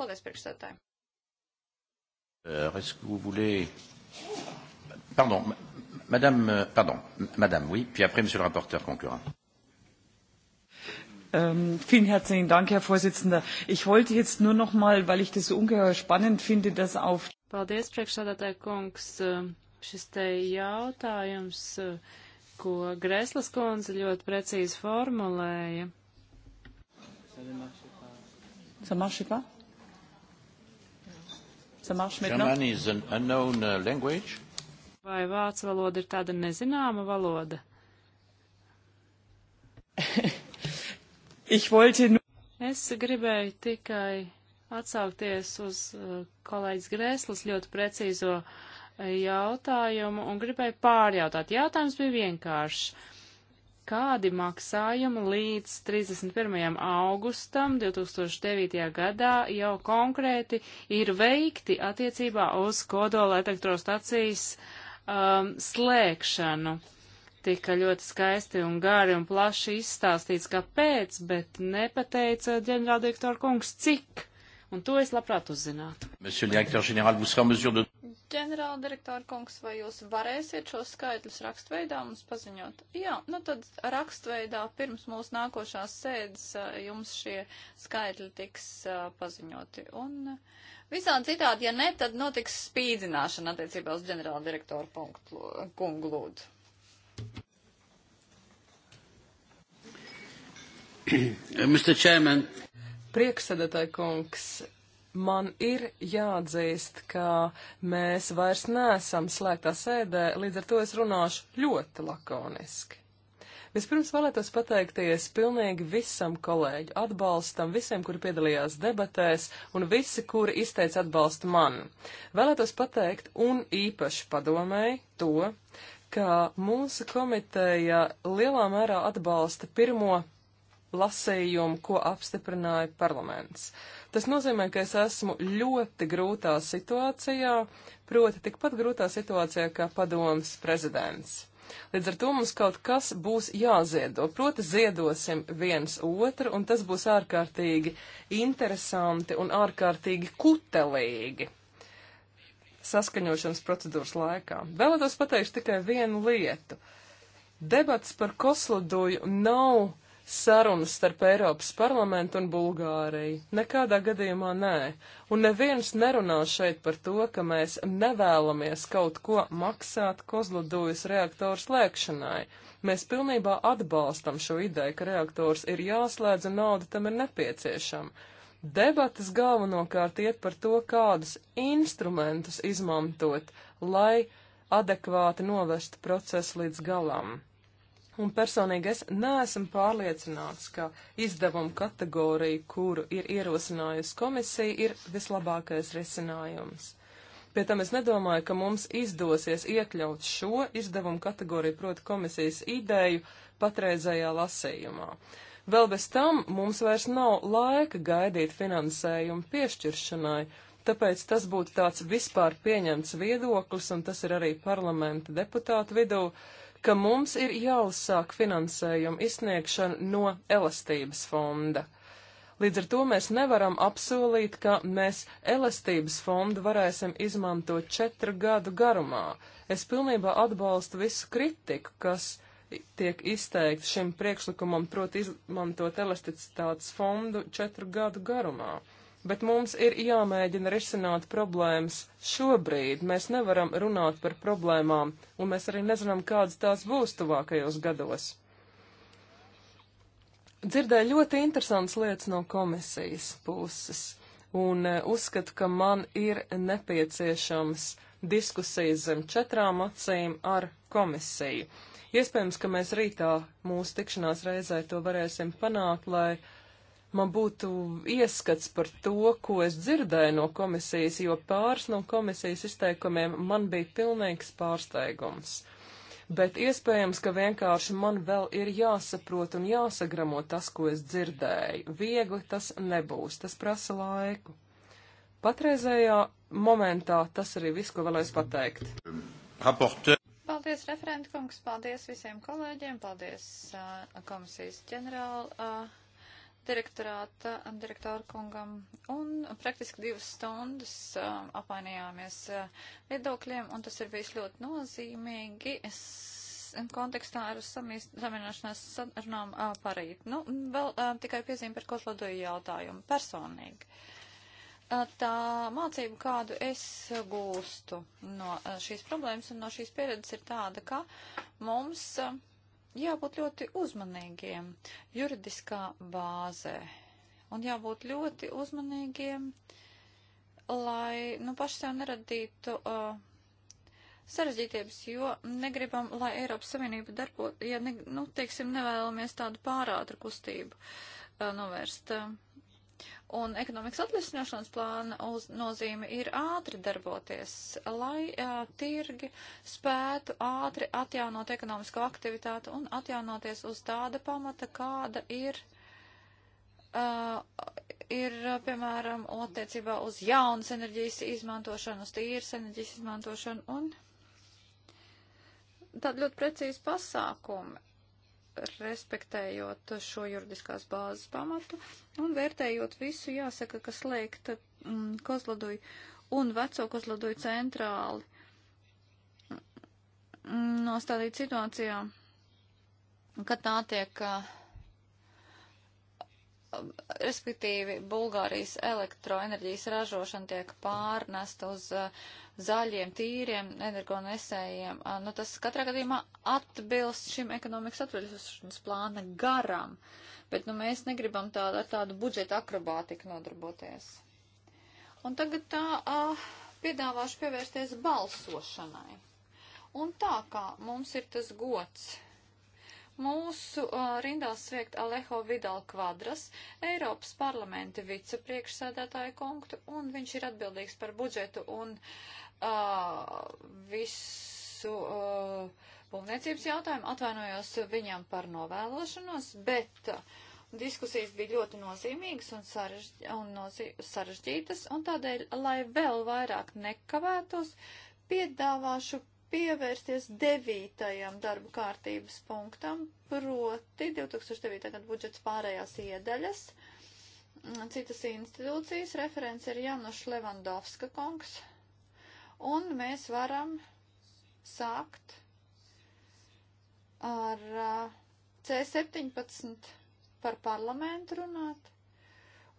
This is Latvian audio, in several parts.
Paldies, priekšstādātāji. Euh, pardon, madame, euh, pardon, madame, oui, puis après, monsieur le rapporteur concurrent. Ähm, vielen herzlichen Dank, Herr Vorsitzender. Ich wollte jetzt nur noch mal, weil ich das so ungeheuer spannend finde, dass auf. Paldies, priekšsādātāja kungs. Ähm, šis te jautājums, äh, ko Greslas kundze ļoti precīzi formulēja. Ça marche pas? ça marche maintenant? German is an unknown uh, language. Vai vācu valoda ir tāda nezināma valoda? ich wollte nur... Es gribēju tikai atsaukties uz uh, kolēģis Grēslas ļoti precīzo uh, jautājumu un gribēju pārjautāt. Jautājums bija vienkāršs kādi maksājumi līdz 31. augustam 2009. gadā jau konkrēti ir veikti attiecībā uz kodola elektrostacijas um, slēgšanu. Tika ļoti skaisti un gari un plaši izstāstīts, kāpēc, bet nepateica ģenerāldirektora kungs, cik Un to es labprāt uzzinātu. Ģenerāla direktora kungs, vai jūs varēsiet šos skaitļus rakstveidā mums paziņot? Jā, nu tad rakstveidā pirms mūsu nākošās sēdes jums šie skaitļi tiks paziņoti. Un visādi citādi, ja ne, tad notiks spīdzināšana attiecībā uz ģenerāla direktora punktu, kungu lūdzu. Mr. Chairman. Prieksēdētāji kungs, man ir jāatzīst, ka mēs vairs nesam slēgtā sēdē, līdz ar to es runāšu ļoti lakoniski. Vispirms vēlētos pateikties pilnīgi visam kolēģu atbalstam, visiem, kuri piedalījās debatēs, un visi, kuri izteica atbalstu man. Vēlētos pateikt un īpaši padomēji to, ka mūsu komiteja lielā mērā atbalsta pirmo lasījumu, ko apstiprināja parlaments. Tas nozīmē, ka es esmu ļoti grūtā situācijā, proti tikpat grūtā situācijā kā padomas prezidents. Līdz ar to mums kaut kas būs jāziedo, proti ziedosim viens otru, un tas būs ārkārtīgi interesanti un ārkārtīgi kutelīgi saskaņošanas procedūras laikā. Vēlētos pateikt tikai vienu lietu. Debats par koslodoju nav sarunas starp Eiropas parlamentu un Bulgāriju. Nekādā gadījumā nē. Un neviens nerunā šeit par to, ka mēs nevēlamies kaut ko maksāt kozlodojas reaktoru slēgšanai. Mēs pilnībā atbalstam šo ideju, ka reaktors ir jāslēdz un nauda tam ir nepieciešama. Debatas galvenokārt iet par to, kādus instrumentus izmantot, lai adekvāti novestu procesu līdz galam. Un personīgi es neesmu pārliecināts, ka izdevuma kategorija, kuru ir ierosinājusi komisija, ir vislabākais risinājums. Pie tam es nedomāju, ka mums izdosies iekļaut šo izdevumu kategoriju, proti komisijas ideju, patreizējā lasījumā. Vēl bez tam mums vairs nav laika gaidīt finansējumu piešķiršanai, tāpēc tas būtu tāds vispār pieņemts viedoklis, un tas ir arī parlamenta deputātu vidū, ka mums ir jāuzsāk finansējuma izsniegšana no elastības fonda. Līdz ar to mēs nevaram apsolīt, ka mēs elastības fondu varēsim izmantot četru gadu garumā. Es pilnībā atbalstu visu kritiku, kas tiek izteikta šim priekšlikumam, proti izmantot elasticitātes fondu četru gadu garumā bet mums ir jāmēģina risināt problēmas šobrīd. Mēs nevaram runāt par problēmām, un mēs arī nezinām, kādas tās būs tuvākajos gados. Dzirdēju ļoti interesantas lietas no komisijas puses, un eh, uzskatu, ka man ir nepieciešams diskusijas zem četrām acīm ar komisiju. Iespējams, ka mēs rītā mūsu tikšanās reizē to varēsim panākt, lai uh, man būtu ieskats par to, ko es dzirdēju no komisijas, jo pāris no komisijas izteikumiem man bija pilnīgs pārsteigums. Bet iespējams, ka vienkārši man vēl ir jāsaprot un jāsagramo tas, ko es dzirdēju. Viegli tas nebūs, tas prasa laiku. Patreizējā momentā tas arī viss, ko vēlēs pateikt. Raporte. Paldies, referentkungs, paldies visiem kolēģiem, paldies uh, komisijas ģenerāla. Uh, direktorāta direktoru kungam un praktiski divas stundas uh, apmainījāmies uh, viedokļiem, un tas ir bijis ļoti nozīmīgi. Es kontekstā ar samierināšanās sarunām uh, parīt. Nu, vēl uh, tikai piezīme par koslodoju jautājumu personīgi. Uh, tā mācība, kādu es gūstu no šīs problēmas un no šīs pieredzes, ir tāda, ka mums uh, jābūt ļoti uzmanīgiem juridiskā bāzē un jābūt ļoti uzmanīgiem, lai nu, paši sev neradītu uh, sarežģītības, jo negribam, lai Eiropas Savienība darbot, ja, ne, nu, teiksim, nevēlamies tādu pārātru kustību uh, novērst. Uh, Un ekonomikas atrisināšanas plāna uz, nozīme ir ātri darboties, lai uh, tirgi spētu ātri atjaunot ekonomisko aktivitāti un atjaunoties uz tāda pamata, kāda ir, uh, ir piemēram, attiecībā uz jaunas enerģijas izmantošanu, uz tīras enerģijas izmantošanu un tādi ļoti precīzi pasākumi respektējot šo juridiskās bāzes pamatu un vērtējot visu, jāsaka, ka slēgta mm, Kozloduja un veco Kozloduja centrāli mm, nostādīt situācijā, kad tā tiek uh, respektīvi Bulgārijas elektroenerģijas ražošana tiek pārnesta uz uh, zaļiem, tīriem energonesējiem. Uh, nu, tas katrā gadījumā atbilst šim ekonomikas atveļošanas plāna garam, bet nu, mēs negribam tādu, ar tādu budžeta akrobātiku nodarboties. Un tagad tā uh, piedāvāšu pievērsties balsošanai. Un tā kā mums ir tas gods Mūsu uh, rindās sviegt Alejo Vidal Kvadras, Eiropas parlamenta vicepriekšsēdētāja konktu, un viņš ir atbildīgs par budžetu un uh, visu. Uh, Būvniecības jautājumu atvainojos viņam par novēlošanos, bet uh, diskusijas bija ļoti nozīmīgas un, sarež, un nozī, sarežģītas, un tādēļ, lai vēl vairāk nekavētos, piedāvāšu pievērsties devītajam darbu kārtības punktam, proti 2009. gada budžets pārējās iedaļas. Citas institūcijas referents ir Januš Levandovska kungs, un mēs varam sākt ar uh, C17 par parlamentu runāt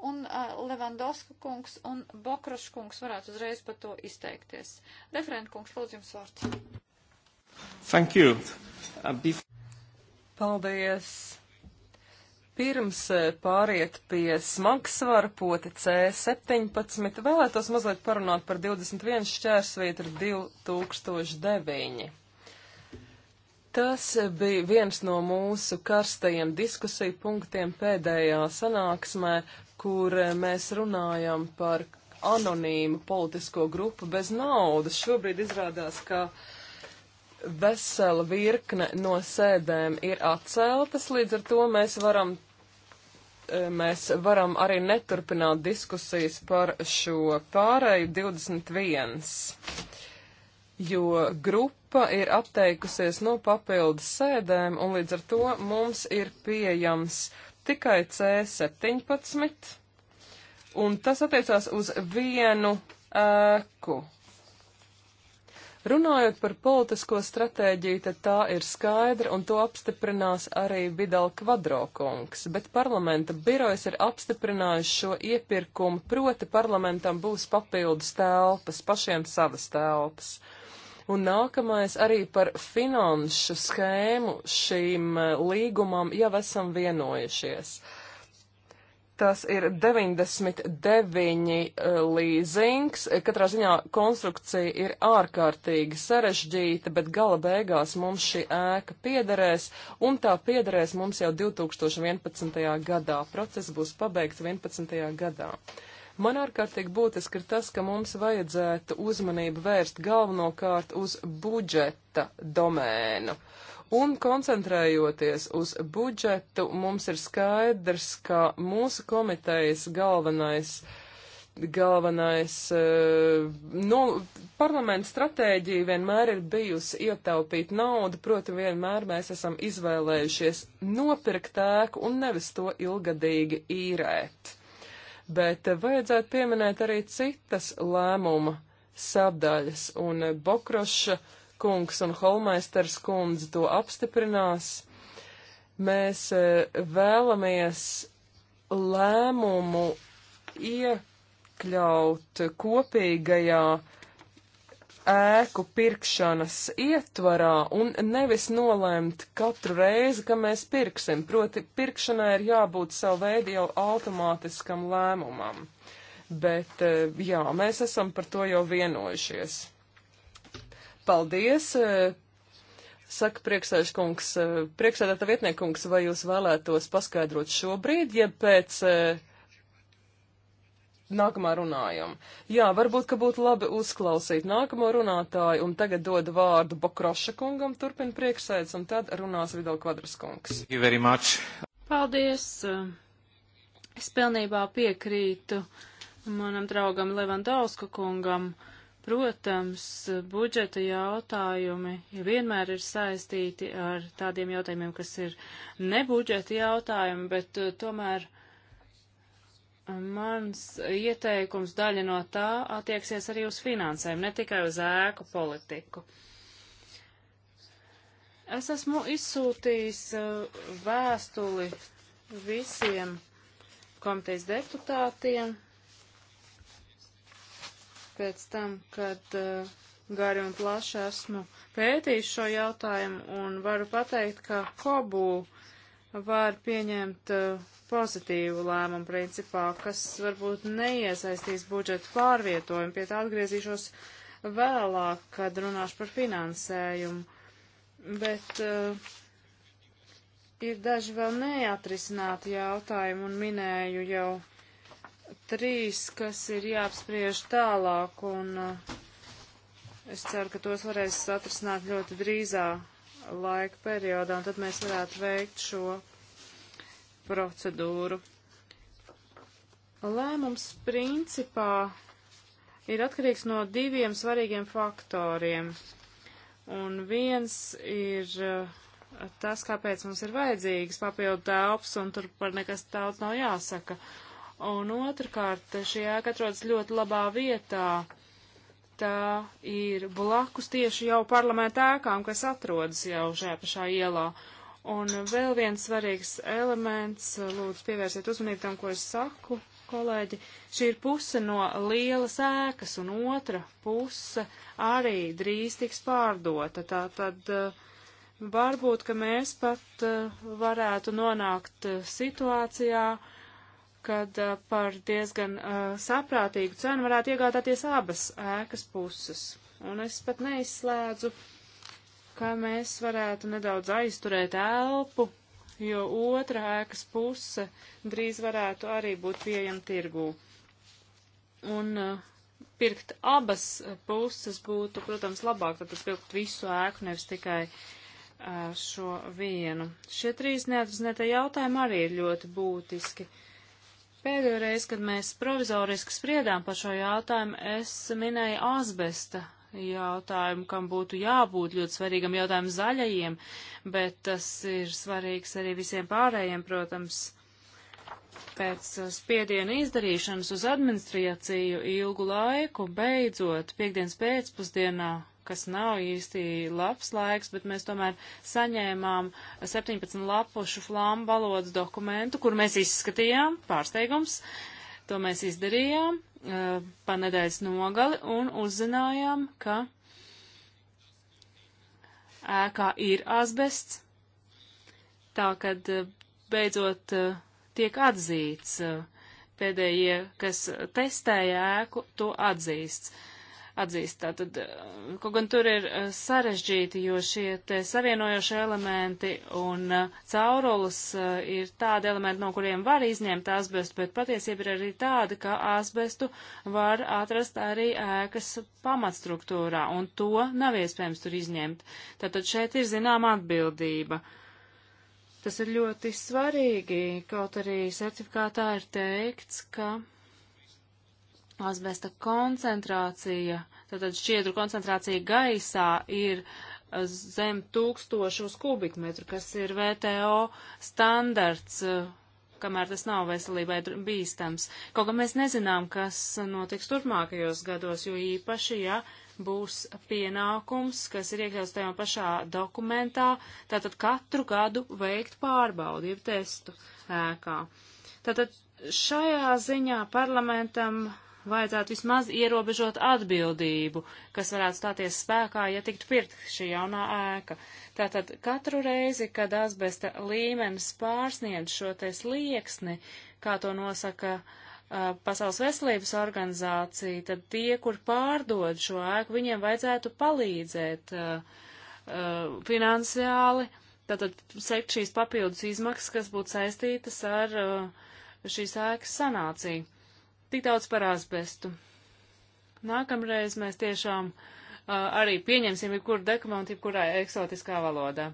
un uh, Levandovska kungs un Bokraš kungs varētu uzreiz par to izteikties. Referent kungs, lūdzu jums vārds. Thank you. Uh, before... Paldies. Pirms pāriet pie smagsvara poti C17, vēlētos mazliet parunāt par 21 šķērsvietu ar 2009. Tas bija viens no mūsu karstajiem diskusiju punktiem pēdējā sanāksmē, kur eh, mēs runājam par anonīmu politisko grupu bez naudas. Šobrīd izrādās, ka vesela virkne no sēdēm ir atceltas, līdz ar to mēs varam, eh, mēs varam arī neturpināt diskusijas par šo pārēju 21, jo grupa ir apteikusies no papildus sēdēm, un līdz ar to mums ir pieejams tikai C17, un tas attiecās uz vienu ēku. Runājot par politisko stratēģiju, tad tā ir skaidra, un to apstiprinās arī Vidal Kvadrokungs, bet parlamenta birojas ir apstiprinājuši šo iepirkumu, proti parlamentam būs papildus telpas, pašiem savas telpas. Uh, Un nākamais arī par finanšu schēmu šīm e, līgumam jau esam vienojušies. Tas ir 99 e, līzings. E, katrā ziņā konstrukcija ir ārkārtīgi sarežģīta, bet gala beigās mums šī ēka piederēs, un tā piederēs mums jau 2011. gadā. Process būs pabeigts 2011. gadā. Man ārkārtīgi būtiski ir tas, ka mums vajadzētu uzmanību vērst galvenokārt uz budžeta domēnu. Un koncentrējoties uz budžetu, mums ir skaidrs, ka mūsu komitejas galvenais, galvenais nu, parlamenta stratēģija vienmēr ir bijusi ietaupīt naudu, proti vienmēr mēs esam izvēlējušies nopirkt ēku un nevis to ilgadīgi īrēt bet vajadzētu pieminēt arī citas lēmuma sadaļas, un Bokroša kungs un Holmeisters kundze to apstiprinās. Mēs e, vēlamies lēmumu iekļaut kopīgajā ēku pirkšanas ietvarā un nevis nolēmt katru reizi, ka mēs pirksim. Proti, pirkšanai ir jābūt savu veidu jau automātiskam lēmumam. Bet, eh, jā, mēs esam par to jau vienojušies. Paldies! Eh, saka eh, priekšsēdētājs vietniekungs, vai jūs vēlētos paskaidrot šobrīd, ja pēc uh, nākamā runājuma. Jā, varbūt, ka būtu labi uzklausīt nākamo runātāju, un tagad dodu vārdu Bokroša kungam, turpina priekšsēdus, un tad runās Vidal Kvadras kungs. Paldies! Es pilnībā piekrītu manam draugam Levandausku kungam. Protams, budžeta jautājumi ja vienmēr ir saistīti ar tādiem jautājumiem, kas ir nebudžeta jautājumi, bet eh, tomēr. Uh, Mans ieteikums daļa no tā attieksies arī uz finansēm, ne tikai uz ēku politiku. Es esmu izsūtījis uh, vēstuli visiem komitejas deputātiem pēc tam, kad uh, gari un plaši esmu pētījis šo jautājumu un varu pateikt, ka Kobu var pieņemt uh, pozitīvu lēmumu principā, kas varbūt neiesaistīs budžetu pārvietojumu. Pie tā atgriezīšos vēlāk, kad runāšu par finansējumu. Bet uh, ir daži vēl neatrisināti jautājumi un minēju jau trīs, kas ir jāapspriež tālāk un uh, es ceru, ka tos varēs atrisināt ļoti drīzā laika periodā, un tad mēs varētu veikt šo procedūru. Lēmums principā ir atkarīgs no diviem svarīgiem faktoriem. Un viens ir uh, tas, kāpēc mums ir vajadzīgs papildu telps, un tur par nekas daudz nav jāsaka. Un otrkārt, šī ēka atrodas ļoti labā vietā, tā ir blakus tieši jau parlamentā ēkām, kas atrodas jau šajā pašā ielā. Un vēl viens svarīgs elements, lūdzu pievērsiet uzmanību tam, ko es saku, kolēģi, šī ir puse no lielas ēkas un otra puse arī drīz tiks pārdota. Tā tad eh, varbūt, ka mēs pat eh, varētu nonākt eh, situācijā, kad eh, par diezgan uh, saprātīgu cenu varētu iegādāties abas ēkas puses. Un es pat neizslēdzu, ka mēs varētu nedaudz aizturēt elpu, jo otra ēkas puse drīz varētu arī būt pieejama tirgū. Un uh, pirkt abas puses būtu, protams, labāk, tad pirkt visu ēku, nevis tikai uh, šo vienu. Šie trīs neatrisinātie jautājumi arī ir ļoti būtiski. Uh, Pēdējo reizi, kad mēs provizoriski spriedām par šo jautājumu, es minēju asbesta jautājumu, kam būtu jābūt ļoti svarīgam jautājumu zaļajiem, bet tas ir svarīgs arī visiem pārējiem, protams. Pēc spiediena izdarīšanas uz administrāciju ilgu laiku, beidzot, piekdienas pēcpusdienā kas nav īsti labs laiks, bet mēs tomēr saņēmām 17 lapušu flāmu valodas dokumentu, kur mēs izskatījām, pārsteigums, to mēs izdarījām eh, pa nedēļas nogali un uzzinājām, ka ēkā ir asbests, tā kad eh, beidzot eh, tiek atzīts pēdējie, kas testēja ēku, to atzīsts. Uh, atzīst. Tātad, eh, kaut gan tur ir eh, sarežģīti, jo šie te savienojošie elementi un eh, caurulis ir tādi elementi, no kuriem var izņemt asbestu, bet patiesība ir arī tāda, ka asbestu var atrast arī ēkas pamatstruktūrā, un to nav iespējams tur izņemt. Tātad šeit ir zināma atbildība. Tas ir ļoti svarīgi, kaut arī certifikātā ir teikts, ka Asbesta koncentrācija, tātad šķiedru koncentrācija gaisā ir eh, zem tūkstošu uz kubikmetru, kas ir VTO standarts, eh, kamēr tas nav veselībai bīstams. Kaut kā mēs nezinām, kas notiks turpmākajos gados, jo īpaši, ja būs pienākums, kas ir iekļauts tajā pašā dokumentā, tātad katru gadu veikt pārbaudi, jeb testu ēkā. Tātad šajā ziņā parlamentam vajadzētu vismaz ierobežot atbildību, kas varētu stāties spēkā, ja tiktu pirkt šī jaunā ēka. Tātad katru reizi, kad asbesta līmenis pārsniedz šo te slieksni, kā to nosaka uh, Pasaules veselības organizācija, tad tie, kur pārdod šo ēku, viņiem vajadzētu palīdzēt uh, uh, finansiāli, tātad sekt šīs papildus izmaksas, kas būtu saistītas ar šīs ēkas sanāciju. Tik daudz par asbestu. Nākamreiz mēs tiešām uh, arī pieņemsim jebkuru dokumentu, jebkurā eksotiskā valodā.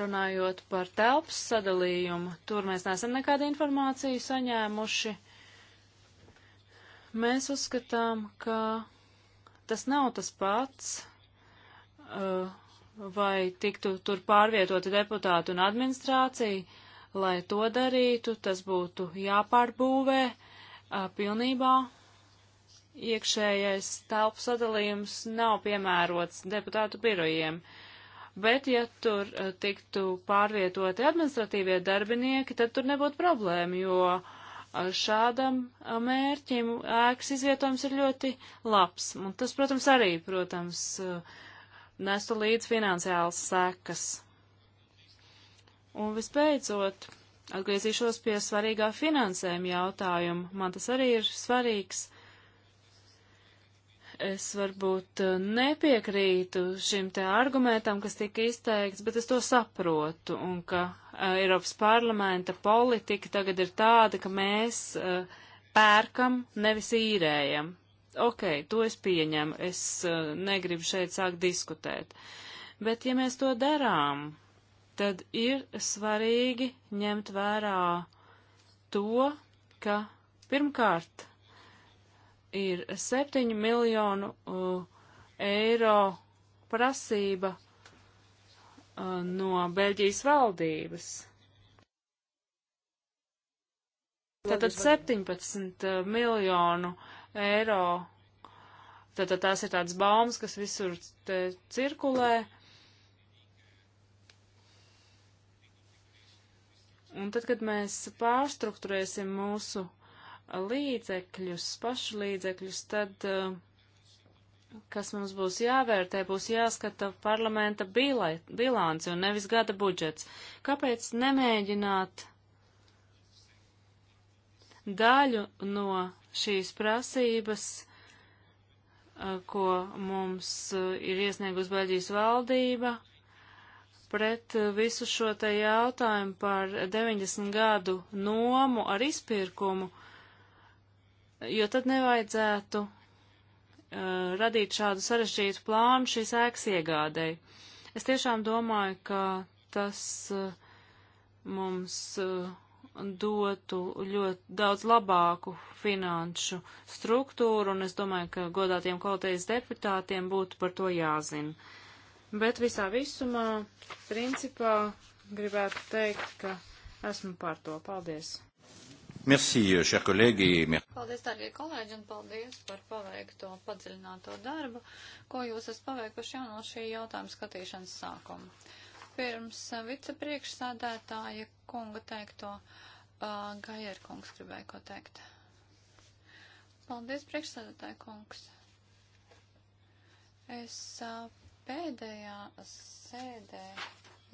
Runājot par telpas sadalījumu, tur mēs neesam nekādu informāciju saņēmuši. Mēs uzskatām, ka tas nav tas pats, uh, vai tiktu tur pārvietoti deputāti un administrācija. Uh, lai to darītu, tas būtu jāpārbūvē pilnībā. Iekšējais telpu sadalījums nav piemērots deputātu birojiem, bet ja tur tiktu pārvietoti administratīvie darbinieki, tad tur nebūtu problēma, jo šādam mērķim ēkas izvietojums ir ļoti labs. Un tas, protams, arī, protams, nestu līdz finansiāls sekas. Un vispēcot, atgriezīšos pie svarīgā finansējuma jautājuma. Man tas arī ir svarīgs. Es varbūt eh, nepiekrītu šim te argumentam, kas tika izteikts, bet es to saprotu, un ka uh, Eiropas parlamenta politika tagad ir tāda, ka mēs uh, pērkam, nevis īrējam. Ok, to es pieņemu, es uh, negribu šeit sākt diskutēt. Bet ja mēs to darām, tad ir svarīgi ņemt vērā to, ka pirmkārt ir 7 miljonu uh, eiro prasība uh, no Beļģijas valdības. Tātad 17 uh, miljonu eiro. Tātad tās ir tādas baumas, kas visur cirkulē. Uh, Un tad, kad mēs pārstruktūrēsim mūsu līdzekļus, pašu līdzekļus, tad, eh, kas mums būs jāvērtē, būs jāskata parlamenta bilanci un nevis gada budžets. Kāpēc nemēģināt daļu no šīs prasības, eh, ko mums eh, ir iesniegusi Beļģijas valdība, pret eh, visu šo te jautājumu par 90 gadu nomu ar izpirkumu, jo tad nevajadzētu uh, radīt šādu sarežģītu plānu šīs ēkas iegādēji. Es tiešām domāju, ka tas uh, mums uh, dotu ļoti daudz labāku finanšu struktūru, un es domāju, ka godātiem kolotējas deputātiem būtu par to jāzina. Bet visā visumā, principā, gribētu teikt, ka esmu par to. Paldies! Merci, euh, cher collègue. Paldies, dārgie kolēģi, un paldies par paveikto padziļināto darbu, ko jūs esat paveikuši jau no šī jautājuma skatīšanas sākuma. Pirms eh, vicepriekšsādētāja kunga teikto, uh, Gajer kungs gribēja ko teikt. Paldies, priekšsādētāja kungs. Es uh, Pēdējā sēdē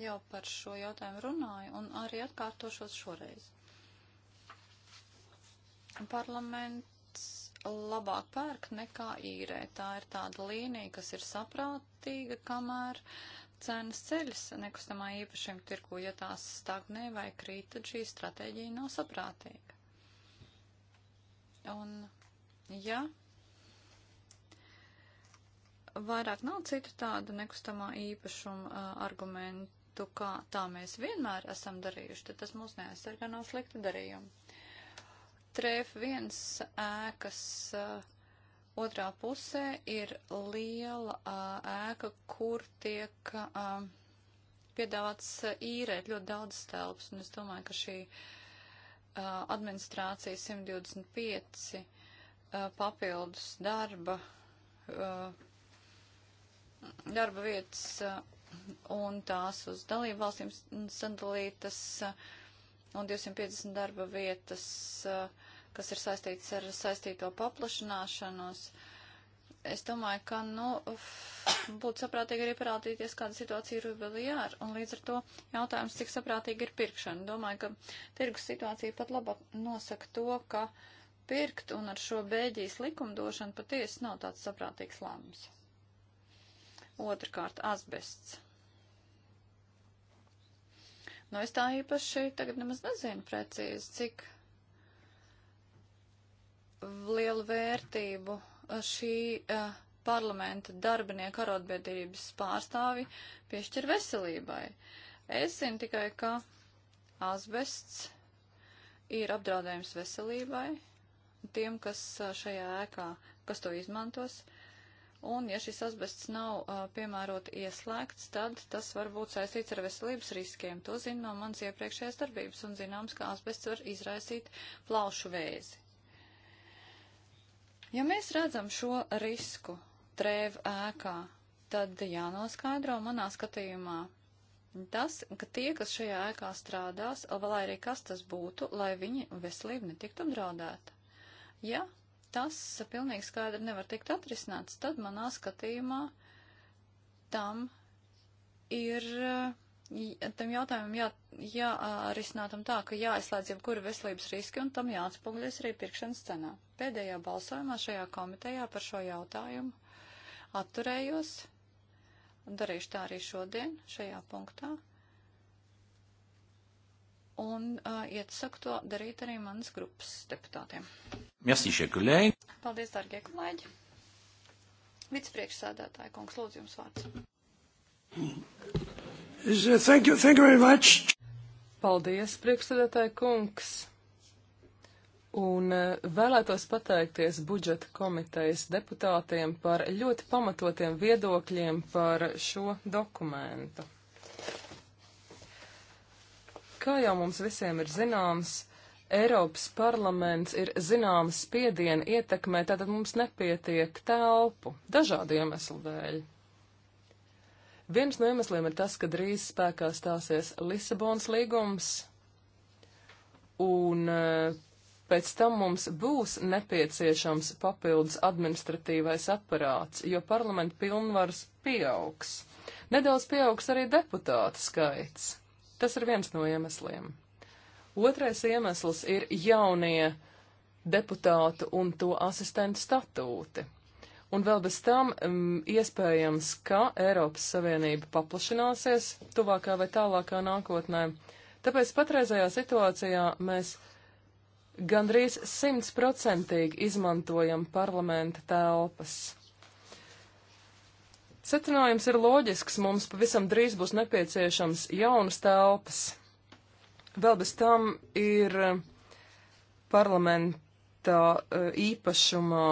jau par šo jautājumu runāju un arī atkārtošos šoreiz. Parlaments labāk pērk nekā īrē. Tā ir tāda līnija, kas ir saprātīga, kamēr cenas ceļas nekustamā īpašiem tirku, ja tās stagnē vai krīt, tad šī stratēģija nav saprātīga. Un, ja vairāk nav citu tādu nekustamā īpašuma uh, argumentu, kā tā mēs vienmēr esam darījuši, tad tas mūs neaizsargā no slikta darījuma. Trēf viens ēkas uh, otrā pusē ir liela uh, ēka, kur tiek uh, piedāvāts īrēt ļoti daudz telpas, un es domāju, ka šī uh, administrācija 125 uh, papildus darba uh, darba vietas eh, un tās uz dalību valstīm sadalītas eh, un 250 darba vietas, eh, kas ir saistītas ar saistīto paplašanāšanos. Es domāju, ka, nu, būtu saprātīgi arī parādīties, kāda situācija ir vēl jār, un līdz ar to jautājums, cik saprātīgi ir pirkšana. Domāju, ka tirgus situācija pat labāk nosaka to, ka pirkt un ar šo Bēģijas likumdošanu patiesi nav tāds saprātīgs lēmums. Otrakārt, asbests. Nu, es tā īpaši tagad nemaz nezinu precīzi, cik lielu vērtību šī uh, parlamenta darbinieku arotbiedrības pārstāvi piešķir veselībai. Es zinu tikai, ka asbests ir apdraudējums veselībai tiem, kas eh, šajā ēkā, kas to izmantos. Un, ja šis asbests nav uh, piemērot ieslēgts, tad tas var būt saistīts ar veselības riskiem. To zina no manas iepriekšējās darbības un zināms, ka asbests var izraisīt plaušu vēzi. Ja mēs redzam šo risku trēvu ēkā, tad jānoskaidro manā skatījumā tas, ka tie, kas šajā ēkā strādās, lai arī kas tas būtu, lai viņa veselība netiktu apdraudēta. Ja tas pilnīgi skaidri nevar tikt atrisināts, tad manā skatījumā tam ir, tam jautājumam jā, jārisinātam tā, ka jāizslēdz jebkuri veselības riski un tam jāatspoguļas arī pirkšanas cenā. Pēdējā balsojumā šajā komitejā par šo jautājumu atturējos, un darīšu tā arī šodien šajā punktā un uh, iesaku to darīt arī manas grupas deputātiem. Merci, kolēģi. Paldies, dārgie kolēģi. Vicepriekšsēdētāji, kungs, lūdzu jums vārds. Uh, thank you, thank you very much. Paldies, priekšsēdētāji kungs. Un uh, vēlētos pateikties budžeta komitejas deputātiem par ļoti pamatotiem viedokļiem par šo dokumentu. Kā jau mums visiem ir zināms, Eiropas parlaments ir zināms spiediena ietekmē, tātad mums nepietiek telpu dažādu iemeslu dēļ. Viens no iemesliem ir tas, ka drīz spēkā stāsies Lisabons līgums, un eh, pēc tam mums būs nepieciešams papildus administratīvais aparāts, jo parlamenta pilnvaras pieaugs. Nedaudz pieaugs arī deputāta skaits. Tas ir viens no iemesliem. Otrais iemesls ir jaunie deputātu un to asistentu statūti. Un vēl bez tam um, iespējams, ka Eiropas Savienība paplašināsies tuvākā vai tālākā nākotnē. Tāpēc patreizajā situācijā mēs gandrīz simtprocentīgi izmantojam parlamenta telpas. Secinājums ir loģisks, mums pavisam drīz būs nepieciešams jaunas telpas. Vēl bez tam ir eh, parlamentā eh, īpašumā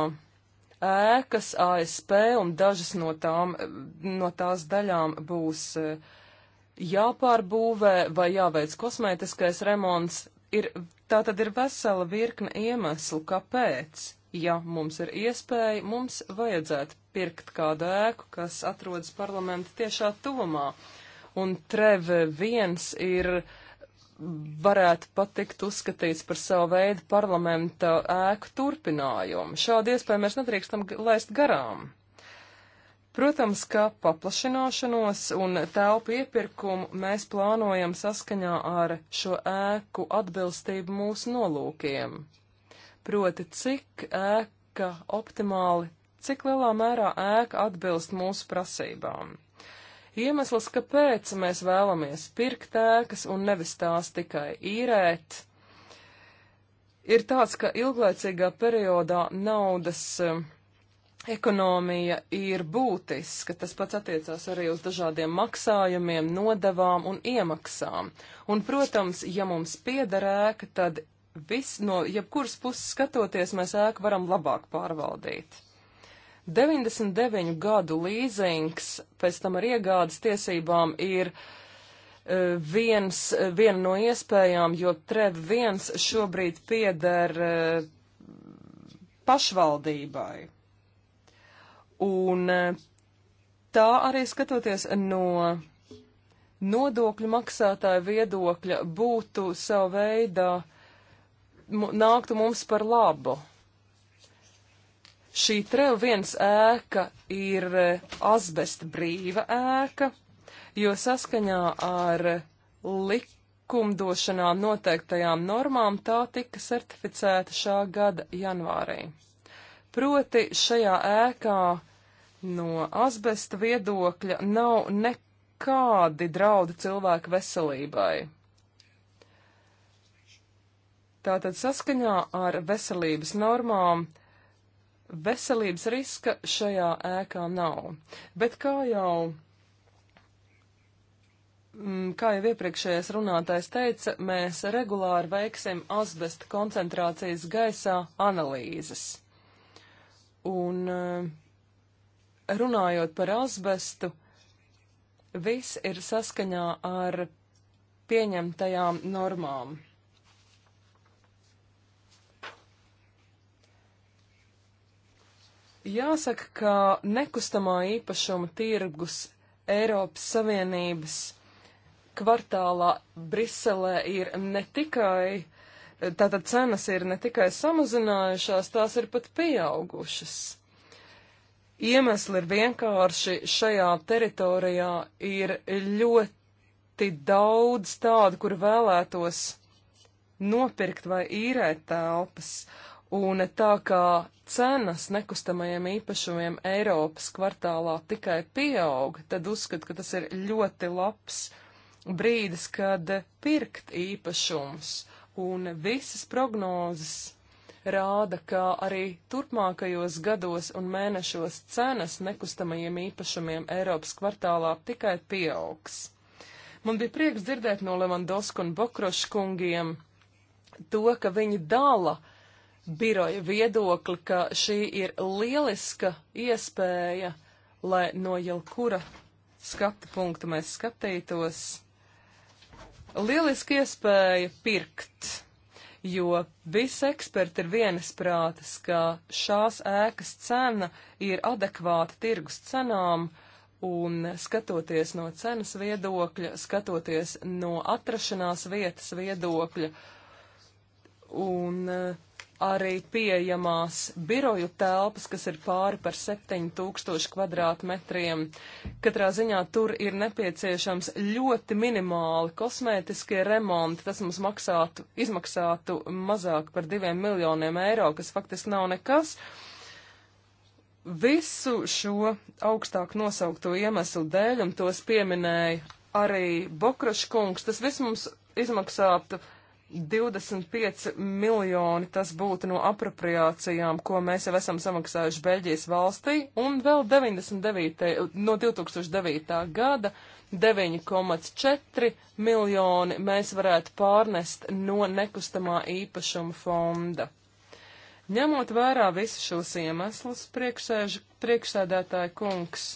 ēkas ASP un dažas no, tām, eh, no tās daļām būs jāpārbūvē vai jāveic kosmētiskais remonts. Ir, tā tad ir vesela virkne iemeslu, kāpēc ja mums ir iespēja, mums vajadzētu pirkt kādu ēku, kas atrodas parlamenta tiešā tuvumā. Un trev viens ir, varētu patikt uzskatīts par savu veidu parlamenta ēku turpinājumu. Šādu iespēju mēs nedrīkstam laist garām. Protams, ka paplašināšanos un telpu iepirkumu mēs plānojam saskaņā ar šo ēku atbilstību mūsu nolūkiem proti cik ēka optimāli, cik lielā mērā ēka atbilst mūsu prasībām. Iemesls, kāpēc mēs vēlamies pirkt ēkas un nevis tās tikai īrēt, ir tāds, ka ilglaicīgā periodā naudas eh, ekonomija ir būtiska. Tas pats attiecās arī uz dažādiem maksājumiem, nodevām un iemaksām. Un, protams, ja mums piederēka, tad vis, no jebkuras puses skatoties, mēs ēku varam labāk pārvaldīt. 99 gadu līzings pēc tam ar iegādes tiesībām ir uh, viens, e, viena no iespējām, jo trev viens šobrīd pieder uh, pašvaldībai. Un uh, tā arī skatoties no nodokļu maksātāja viedokļa būtu savu veidā uh, nāktu mums par labu. Šī trev viens ēka ir e, asbest brīva ēka, jo saskaņā ar likumdošanām noteiktajām normām tā tika certificēta šā gada janvārī. Proti šajā ēkā no asbesta viedokļa nav nekādi draudi cilvēku veselībai. Tātad saskaņā ar veselības normām veselības riska šajā ēkā nav. Bet kā jau, mm, kā jau iepriekšējais runātājs teica, mēs regulāri veiksim asbesta koncentrācijas gaisā analīzes. Un eh, runājot par asbestu, viss ir saskaņā ar pieņemtajām normām. Jāsaka, ka nekustamā īpašuma tirgus Eiropas Savienības kvartālā Briselē ir ne tikai, tātad cenas ir ne tikai samazinājušās, tās ir pat pieaugušas. Iemesli ir vienkārši šajā teritorijā ir ļoti daudz tādu, kur vēlētos nopirkt vai īrēt telpas, Un tā kā cenas nekustamajiem īpašumiem Eiropas kvartālā tikai pieaug, tad uzskat, ka tas ir ļoti labs brīdis, kad pirkt īpašums. Un visas prognozes rāda, ka arī turpmākajos gados un mēnešos cenas nekustamajiem īpašumiem Eiropas kvartālā tikai pieaugs. Man bija prieks dzirdēt no Levandovska un Bokroša kungiem to, ka viņi dala uh, biroja viedokli, ka šī ir lieliska iespēja, lai no jau kura skatu punktu mēs skatītos. Lieliski iespēja pirkt, jo visi eksperti ir vienisprātis, ka šās ēkas cena ir adekvāta tirgus cenām, un skatoties no cenas viedokļa, skatoties no atrašanās vietas viedokļa, un arī pieejamās biroju telpas, kas ir pāri par 7000 kvadrātmetriem. Katrā ziņā tur ir nepieciešams ļoti minimāli kosmētiskie remonti. Tas mums maksātu, izmaksātu mazāk par diviem miljoniem eiro, kas faktiski nav nekas. Visu šo augstāk nosaukto iemeslu dēļ, un tos pieminēja arī Bokraškungs, tas viss mums izmaksātu 25 miljoni tas būtu no apropriācijām, ko mēs jau esam samaksājuši Beļģijas valstī, un vēl 99, no 2009. gada 9,4 miljoni mēs varētu pārnest no nekustamā īpašuma fonda. Ņemot vērā visus šos iemeslus, priekšsēdētāja kungs,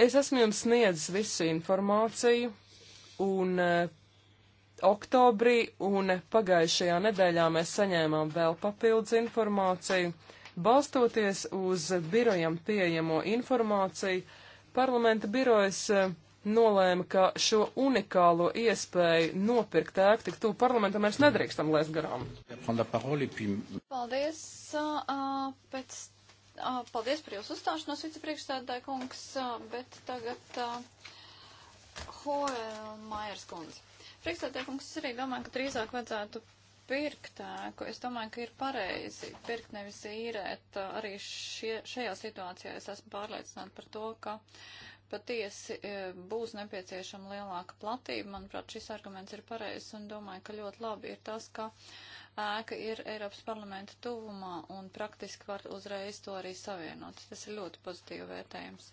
es esmu jums sniedzis visu informāciju, un eh, oktobrī, un pagājušajā nedēļā mēs saņēmām vēl papildus informāciju. Balstoties uz birojam pieejamo informāciju, parlamenta birojas eh, nolēma, ka šo unikālo iespēju nopirkt ēku tik tuvu parlamentam mēs nedrīkstam lēst garām. Paldies, uh, pēc, uh, paldies par jūsu uzstāšanos, vicepriekšstādāja kungs, bet tagad uh, Hoemajers kundze. Priekšstādēkums, es arī domāju, ka drīzāk vajadzētu pirkt ēku. Es domāju, ka ir pareizi pirkt nevis īrēt. Arī šie, šajā situācijā es esmu pārliecināta par to, ka patiesi e, būs nepieciešama lielāka platība. Manuprāt, šis arguments ir pareizs un domāju, ka ļoti labi ir tas, ka. Uh, ēka ir Eiropas parlamenta tuvumā un praktiski var uzreiz to arī savienot. Tas ir ļoti pozitīvi vērtējums.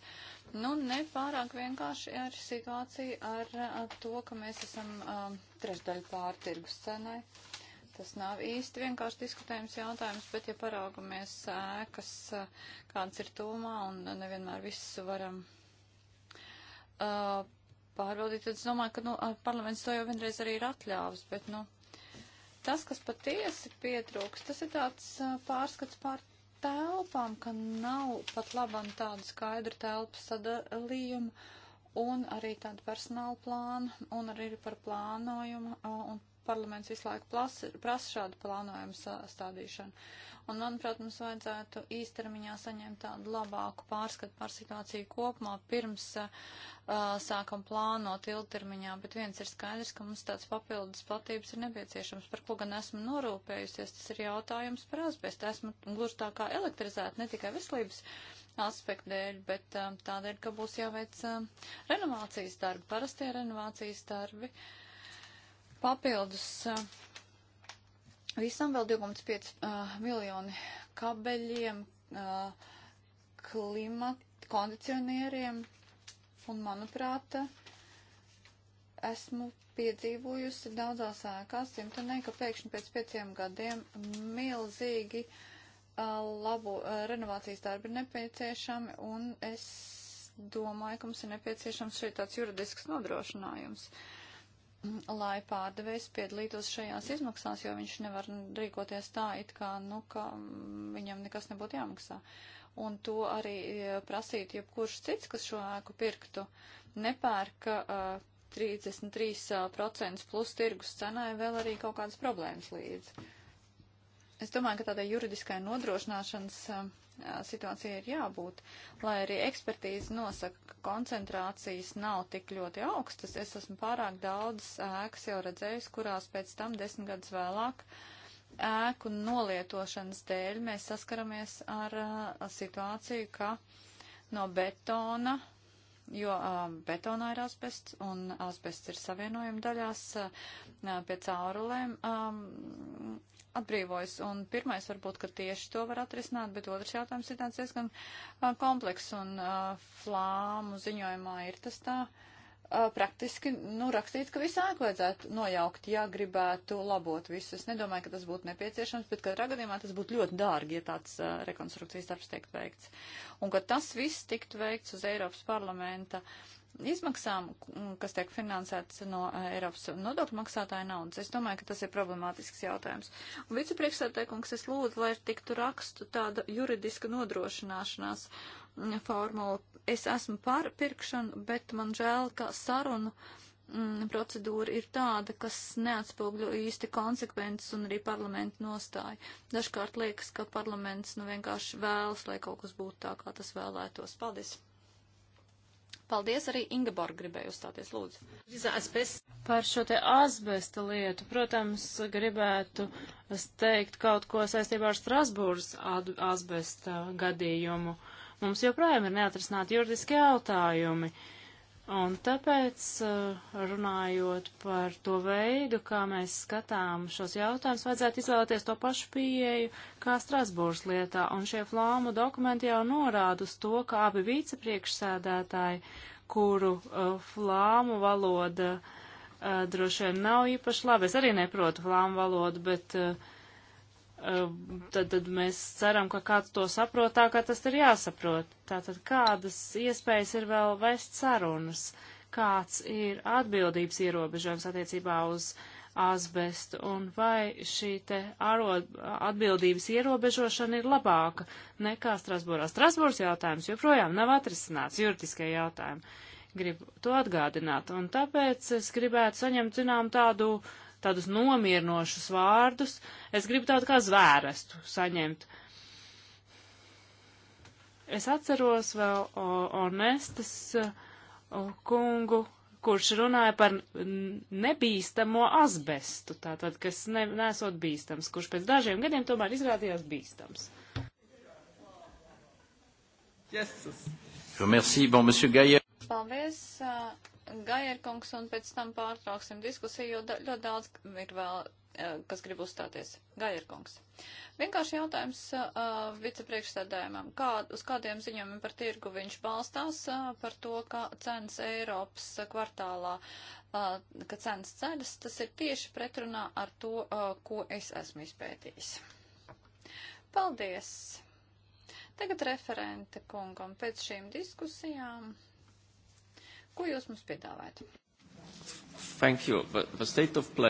Nu, nepārāk vienkārši ir situācija ar, ar to, ka mēs esam um, trešdaļu pārtirgus cenai. Tas nav īsti vienkārši diskutējums jautājums, bet ja paraugamies ēkas, kāds ir tūmā un nevienmēr visu varam uh, pārbaudīt, tad es domāju, ka nu, parlaments to jau vienreiz arī ir atļāvis, bet nu, Tas, kas patiesi pietrūks, tas ir tāds pārskats pār telpām, ka nav pat labam tādu skaidru telpu sadalījumu un arī tādu personālu plānu un arī par plānojumu un parlaments visu laiku plasa, prasa šādu plānojumu sastādīšanu. Un, manuprāt, mums vajadzētu īstermiņā saņemt tādu labāku pārskatu par situāciju kopumā pirms uh, sākam plānot ilgtermiņā, bet viens ir skaidrs, ka mums tāds papildus platības ir nepieciešams, par ko gan esmu norūpējusies, tas ir jautājums par asbestu. Esmu gluži tā kā elektrizēta ne tikai veselības aspektu dēļ, bet um, tādēļ, ka būs jāveic um, renovācijas darbi, parastie renovācijas darbi. Uh, Papildus visam vēl 2,5 uh, miljoni kabeļiem, uh, klimata kondicionieriem un, manuprāt, esmu piedzīvojusi daudzās ēkās cimtenē, ka pēkšņi pēc pieciem gadiem milzīgi uh, labu uh, renovācijas darbi ir nepieciešami, un es domāju, ka mums ir nepieciešams šeit tāds juridisks nodrošinājums. Uh, lai pārdevējs piedalītos šajās izmaksās, jo viņš nevar rīkoties tā, it kā, nu, ka viņam nekas nebūtu jāmaksā. Un to arī eh, prasīt, ja kurš cits, kas šo ēku pirktu, nepērka uh, 33% plus tirgus cenai vēl arī kaut kādas problēmas līdz. Es domāju, ka tādai juridiskai nodrošināšanas uh, situācija ir jābūt. Lai arī ekspertīze nosaka, ka koncentrācijas nav tik ļoti augstas, es esmu pārāk daudz ēkas jau redzējis, kurās pēc tam desmit gadus vēlāk ēku nolietošanas dēļ mēs saskaramies ar uh, situāciju, ka no betona jo betonā ir asbests un asbests ir savienojuma daļās pie caurulēm atbrīvojas. Un pirmais varbūt, ka tieši to var atrisināt, bet otrs jautājums ir tāds diezgan komplekss un flāmu ziņojumā ir tas tā. Uh, praktiski nu, rakstīts, ka visu ēku vajadzētu nojaukt, ja gribētu labot visu. Es nedomāju, ka tas būtu nepieciešams, bet katrā gadījumā tas būtu ļoti dārgi, ja tāds uh, rekonstrukcijas darbs tiek veikts. Un ka tas viss tiktu veikts uz Eiropas parlamenta izmaksām, kas tiek finansēts no uh, Eiropas nodokļu maksātāja naudas. Es domāju, ka tas ir problemātisks jautājums. Un vicepriekšsētēkums, es lūdzu, lai tiktu rakstu tāda juridiska nodrošināšanās mm, formula es esmu par pirkšanu, bet man žēl, ka sarunu mm, procedūra ir tāda, kas neatspogļo īsti konsekvences un arī parlamentu nostāju. Dažkārt liekas, ka parlaments nu vienkārši vēlas, lai kaut kas būtu tā, kā tas vēlētos. Paldies! Paldies arī Ingeborg gribēja uzstāties, lūdzu. Par šo te asbesta lietu, protams, gribētu teikt kaut ko saistībā ar Strasbūras asbesta gadījumu. Mums joprojām ir neatrisināti juridiski jautājumi. Un tāpēc, eh, runājot par to veidu, kā mēs skatām šos jautājumus, vajadzētu izvēlēties to pašu pieeju, kā Strasbūras lietā. Un šie flāmu dokumenti jau norāda uz to, kā abi vicepriekšsēdētāji, kuru uh, flāmu valoda uh, droši vien nav īpaši labi. Es arī neprotu flāmu valodu, bet uh, Ehm, tad, tad mēs ceram, ka kāds to saprot tā, kā tas ir jāsaprot. Tātad kādas iespējas ir vēl vest sarunas, kāds ir atbildības ierobežojums attiecībā uz asbestu un vai šī te arod, atbildības ierobežošana ir labāka nekā Strasbūrā. Strasbūras jautājums joprojām nav atrisināts, juridiskie jautājumi. Gribu to atgādināt, un tāpēc es gribētu saņemt, zinām, tādu uh, tādus nomierinošus vārdus. Es gribu tādu kā zvērestu saņemt. Es atceros vēl Onestas kungu, kurš runāja par nebīstamo asbestu, tātad, kas ne, nesot bīstams, kurš pēc dažiem gadiem tomēr izrādījās bīstams. Yes. Merci, bon, Paldies, Gajerkungs un pēc tam pārtrauksim diskusiju, jo da, ļoti daudz ir vēl, eh, kas grib uzstāties. Gajerkungs. Vienkārši jautājums uh, vicepriekšsēdājumam. Kā, uz kādiem ziņojumiem par tirgu viņš balstās uh, par to, ka cenas Eiropas kvartālā, uh, ka cenas ceļas, tas ir tieši pretrunā ar to, uh, ko es esmu izpētījis. Paldies! Tagad referente kungam pēc šīm diskusijām. Ko jūs mums piedāvājat? Thank you. But the state of play.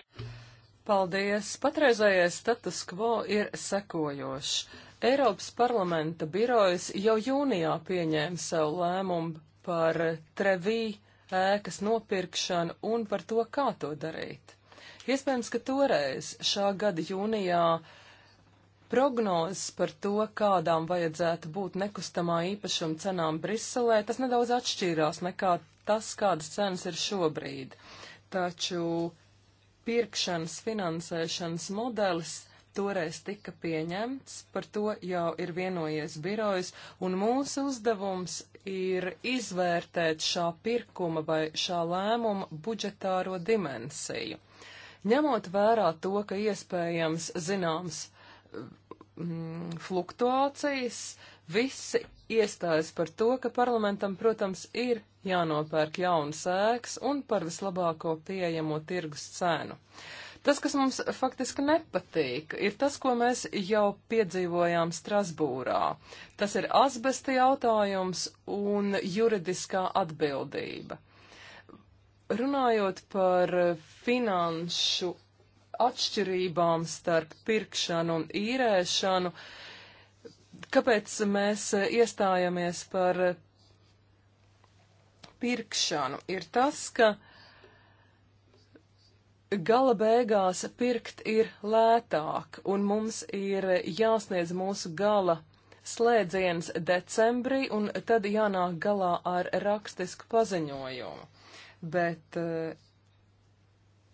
Paldies. Patreizējais status quo ir sekojošs. Eiropas parlamenta birojas jau jūnijā pieņēma savu lēmumu par trevī ēkas nopirkšanu un par to, kā to darīt. Iespējams, ka toreiz šā gada jūnijā prognozes par to, kādām vajadzētu būt nekustamā īpašuma cenām Briselē, tas nedaudz atšķīrās nekā tas, kādas cenas ir šobrīd. Taču pirkšanas finansēšanas modelis toreiz tika pieņemts, par to jau ir vienojies birojas, un mūsu uzdevums ir izvērtēt šā pirkuma vai šā lēmuma budžetāro dimensiju. Ņemot vērā to, ka iespējams zināms mm, fluktuācijas, visi iestājas par to, ka parlamentam, protams, ir jānopērk jaunas ēkas un par vislabāko pieejamo tirgus cenu. Tas, kas mums faktiski nepatīk, ir tas, ko mēs jau piedzīvojām Strasbūrā. Tas ir asbesta jautājums un juridiskā atbildība. Runājot par finanšu atšķirībām starp pirkšanu un īrēšanu, kāpēc mēs iestājamies par pirkšanu, ir tas, ka gala beigās pirkt ir lētāk, un mums ir jāsniedz mūsu gala slēdziens decembrī, un tad jānāk galā ar rakstisku paziņojumu. Bet uh,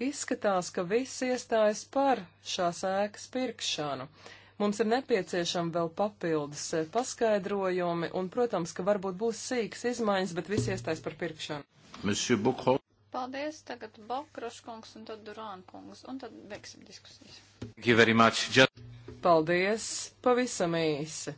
izskatās, ka viss iestājas par šās ēkas pirkšanu. Uh, Mums ir nepieciešami vēl papildus eh, paskaidrojumi, un, protams, ka varbūt būs sīks izmaiņas, bet viss iestājas par pirkšanu. Paldies, tagad Balkroškungs un tad Durānkungs, un tad beigsim diskusijas. Just... Paldies, pavisam īsi.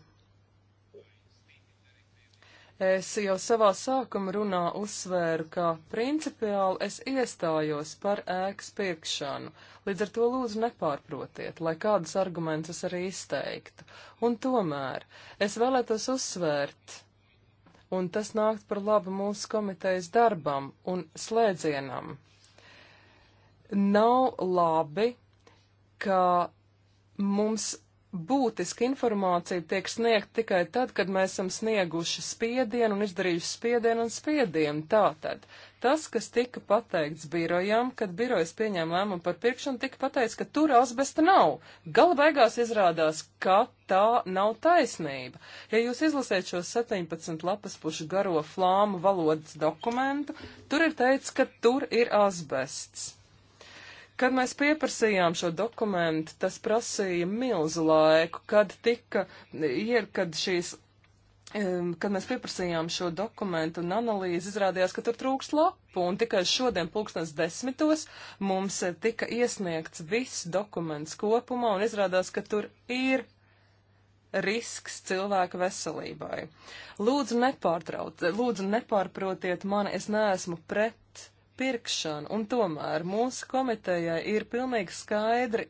Es jau savā sākuma runā uzsvēru, ka principiāli es iestājos par ēkas pirkšanu, līdz ar to lūdzu nepārprotiet, lai kādus argumentus es arī izteiktu. Un tomēr es vēlētos uzsvērt, un tas nākt par labu mūsu komitejas darbam un slēdzienam. Nav labi, ka mums būtiska informācija tiek sniegta tikai tad, kad mēs esam snieguši spiedienu un izdarījuši spiedienu un spiedienu. Tātad, tas, kas tika pateikts birojam, kad birojas pieņēma lēmumu par pirkšanu, tika pateikts, ka tur asbesta nav. Gala beigās izrādās, ka tā nav taisnība. Ja jūs izlasiet šo 17 lapas pušu garo flāmu valodas dokumentu, tur ir teicis, ka tur ir asbests. Kad mēs pieprasījām šo dokumentu, tas prasīja milzu laiku, kad tika, ir, kad šīs, kad mēs pieprasījām šo dokumentu un analīzi, izrādījās, ka tur trūks lapu, un tikai šodien pulkstens desmitos mums tika iesniegts viss dokuments kopumā, un izrādās, ka tur ir risks cilvēka veselībai. Lūdzu, nepārtrauciet, lūdzu, nepārprotiet mani, es neesmu pret pirkšanu, un tomēr mūsu komitejai ir pilnīgi skaidri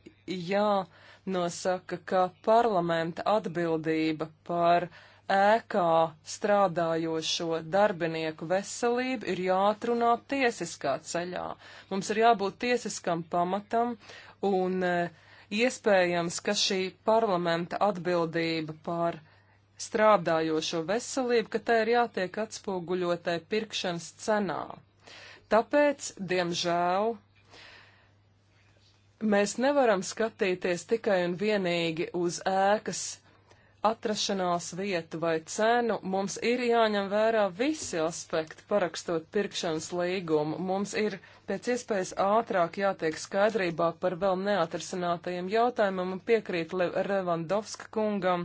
jānosaka, ka parlamenta atbildība par ēkā strādājošo darbinieku veselību ir jāatrunā tiesiskā ceļā. Mums ir jābūt tiesiskam pamatam, un eh, iespējams, ka šī parlamenta atbildība par strādājošo veselību, ka tā ir jātiek atspoguļotai pirkšanas cenā. Tāpēc, diemžēl, mēs nevaram skatīties tikai un vienīgi uz ēkas atrašanās vietu vai cenu, mums ir jāņem vērā visi aspekti, parakstot pirkšanas līgumu. Mums ir pēc iespējas ātrāk jātiek skaidrībā par vēl neatrasinātajiem jautājumiem un piekrīt Levandovska kungam,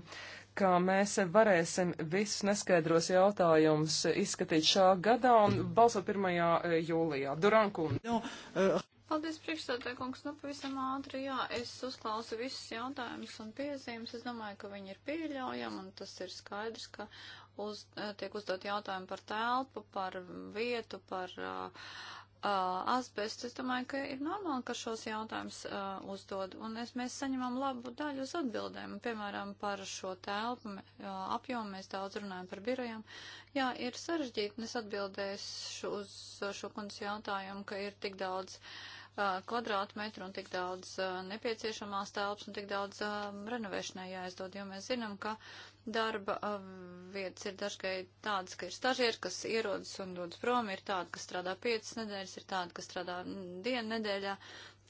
ka mēs varēsim visus neskaidros jautājumus izskatīt šā gadā un balsot 1. Eh, jūlijā. Durankūna. Nu, eh, Paldies, priekšstādāja kungs. Nu, pavisam ātri, jā, es uzklausu visus jautājumus un piezīmes. Es domāju, ka viņi ir pieļaujami un tas ir skaidrs, ka uz, eh, tiek uzdot jautājumi par telpu, par vietu, par uh, Uh, asbests, es domāju, ka ir normāli, ka šos jautājumus uh, uzdod, un es, mēs saņemam labu daļu uz atbildēm. Piemēram, par šo telpu uh, apjomu mēs daudz runājam par birojām. Jā, ir sarežģīti, un es atbildēšu uz šo kundas jautājumu, ka ir tik daudz uh, kvadrātmetru un tik daudz uh, nepieciešamās telpas un tik daudz uh, renovēšanai jāizdod, jo mēs zinām, ka uh, Darba vietas ir dažkārt tādas, ka ir stažieri, kas ierodas un dodas prom, ir tādi, kas strādā piecas nedēļas, ir tādi, kas strādā dienu nedēļā.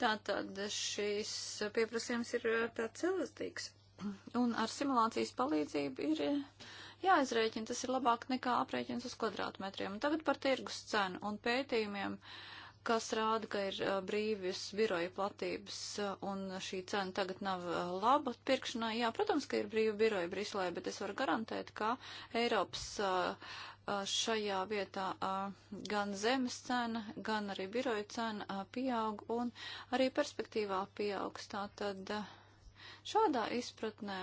Tātad šīs pieprasījums ir tāds elastīgs. Un ar simulācijas palīdzību ir jāizrēķina, tas ir labāk nekā aprēķins uz kvadrātmetriem. Un tagad par tirgus cenu un pētījumiem. Uh, kas rāda, ka ir brīvis biroja platības un šī cena tagad nav laba pirkšanai. Jā, protams, ka ir brīva biroja Briselē, bet es varu garantēt, ka Eiropas šajā vietā gan zemes cena, gan arī biroja cena pieaug un arī perspektīvā pieaugs. Tātad šādā izpratnē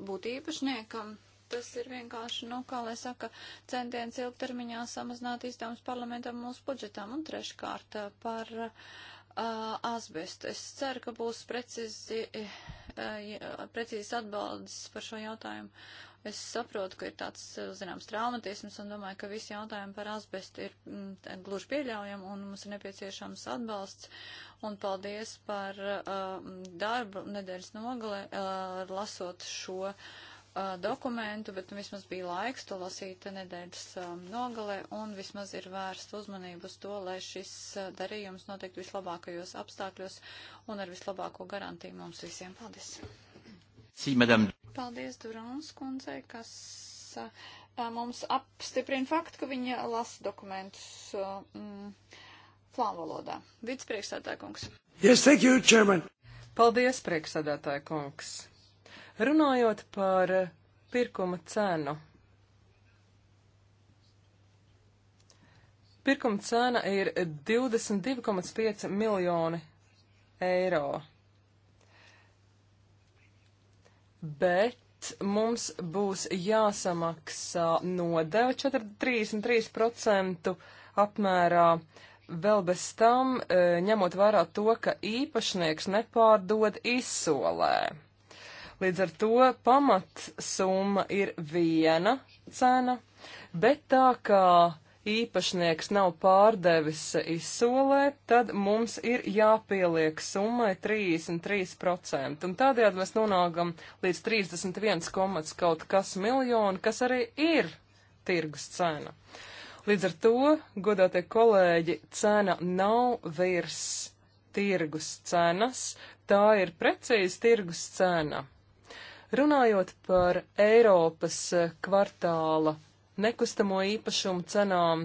būt īpašniekam tas ir vienkārši, nu, kā lai saka, centiens ilgtermiņā samazināt izdevumus parlamentam mūsu budžetam. Un treškārt eh, par uh, asbestu. Es ceru, ka būs precizi, uh, eh, precīzes atbaldes par šo jautājumu. Es saprotu, ka ir tāds, zināms, traumatisms un domāju, ka visi jautājumi par asbestu ir mm, gluži pieļaujami un mums ir nepieciešams atbalsts. Un paldies par uh, darbu nedēļas nogale, uh, lasot šo. Uh, uh, dokumentu, bet nu, vismaz bija laiks to lasīt nedēļas um, nogalē, un vismaz ir vērsta uzmanība uz to, lai šis uh, darījums notiek vislabākajos apstākļos un ar vislabāko garantiju mums visiem. Paldies! Sī, madam. Paldies Durāns kundzei, kas uh, mums apstiprina faktu, ka viņa lasa dokumentus uh, mm, flāmvalodā. Vidspriekšsētā kungs. Yes, thank you, chairman. Paldies, priekšsēdētāja kungs. Runājot par pirkuma cenu. Pirkuma cena ir 22,5 miljoni eiro. Bet mums būs jāsamaksā nodeva 33% apmērā. Vēl bez tam, eh, ņemot vērā to, ka īpašnieks nepārdod izsolē. Līdz ar to pamatsumma ir viena cena, bet tā kā īpašnieks nav pārdevis izsolē, tad mums ir jāpieliek summai 33%. Un tādējādi mēs nonākam līdz 31, kaut kas miljonu, kas arī ir tirgus cena. Līdz ar to, godātie kolēģi, cena nav virs tirgus cenas, tā ir precīzi tirgus cena. Runājot par Eiropas eh, kvartāla nekustamo īpašumu cenām,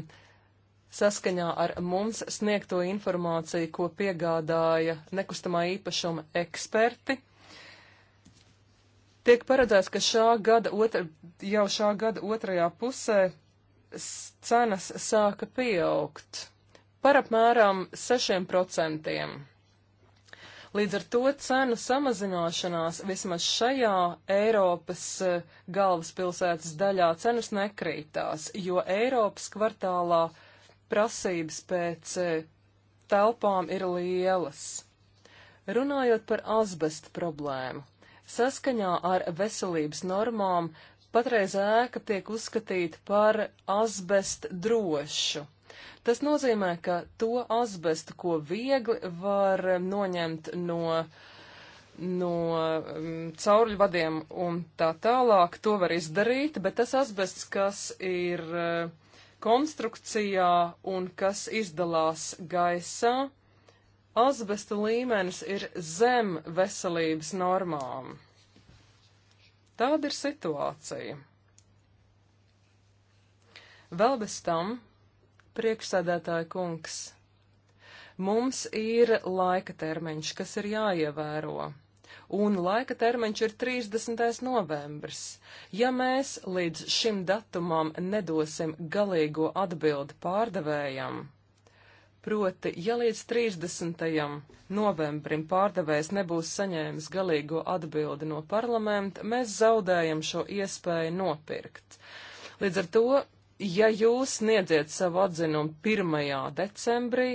saskaņā ar mums sniegto informāciju, ko piegādāja nekustamā īpašuma eksperti, tiek paredzēts, ka šā gada otra, jau šā gada otrajā pusē cenas sāka pieaugt par apmēram 6%. Līdz ar to cenu samazināšanās vismaz šajā Eiropas eh, galvaspilsētas daļā cenas nekrītās, jo Eiropas kvartālā prasības pēc eh, telpām ir lielas. Runājot par asbestu problēmu, saskaņā ar veselības normām patreiz ēka tiek uzskatīta par asbest drošu. Tas nozīmē, ka to asbestu, ko viegli var noņemt no no um, mm, cauruļvadiem un tā tālāk, to var izdarīt, bet tas asbests, kas ir uh, konstrukcijā un kas izdalās gaisā, asbesta līmenis ir zem veselības normām. Tāda ir situācija. Vēl bez tam Priekšsēdētāja kungs, mums ir laika termiņš, kas ir jāievēro. Un laika termiņš ir 30. novembris. Ja mēs līdz šim datumam nedosim galīgo atbildi pārdevējam, Proti, ja līdz 30. novembrim pārdevējs nebūs saņēmis galīgo atbildi no parlamenta, mēs zaudējam šo iespēju nopirkt. Līdz ar to ja jūs sniedziet savu atzinumu 1. decembrī,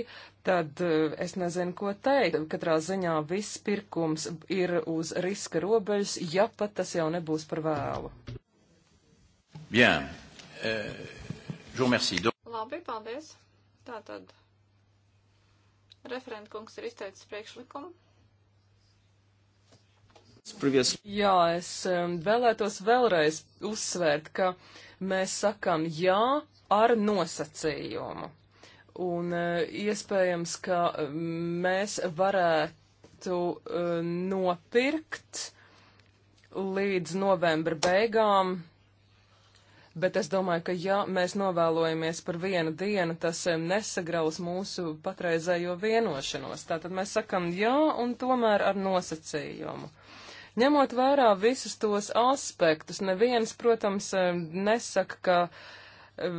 tad eh, es nezinu, ko teikt. Katrā ziņā viss pirkums ir uz riska robežas, ja pat tas jau nebūs par vēlu. Bien. Uh, Labi, paldies. Tātad referentkungs ir izteicis priekšlikumu. Jā, es vēlētos vēlreiz uzsvērt, ka mēs sakam jā ar nosacījumu. Un e, iespējams, ka mēs varētu e, nopirkt līdz novembra beigām bet es domāju, ka ja mēs novēlojamies par vienu dienu, tas nesagraus mūsu patreizējo vienošanos. Tātad mēs sakam jā un tomēr ar nosacījumu. Ņemot vērā visus tos aspektus, neviens, protams, eh, nesaka, ka eh,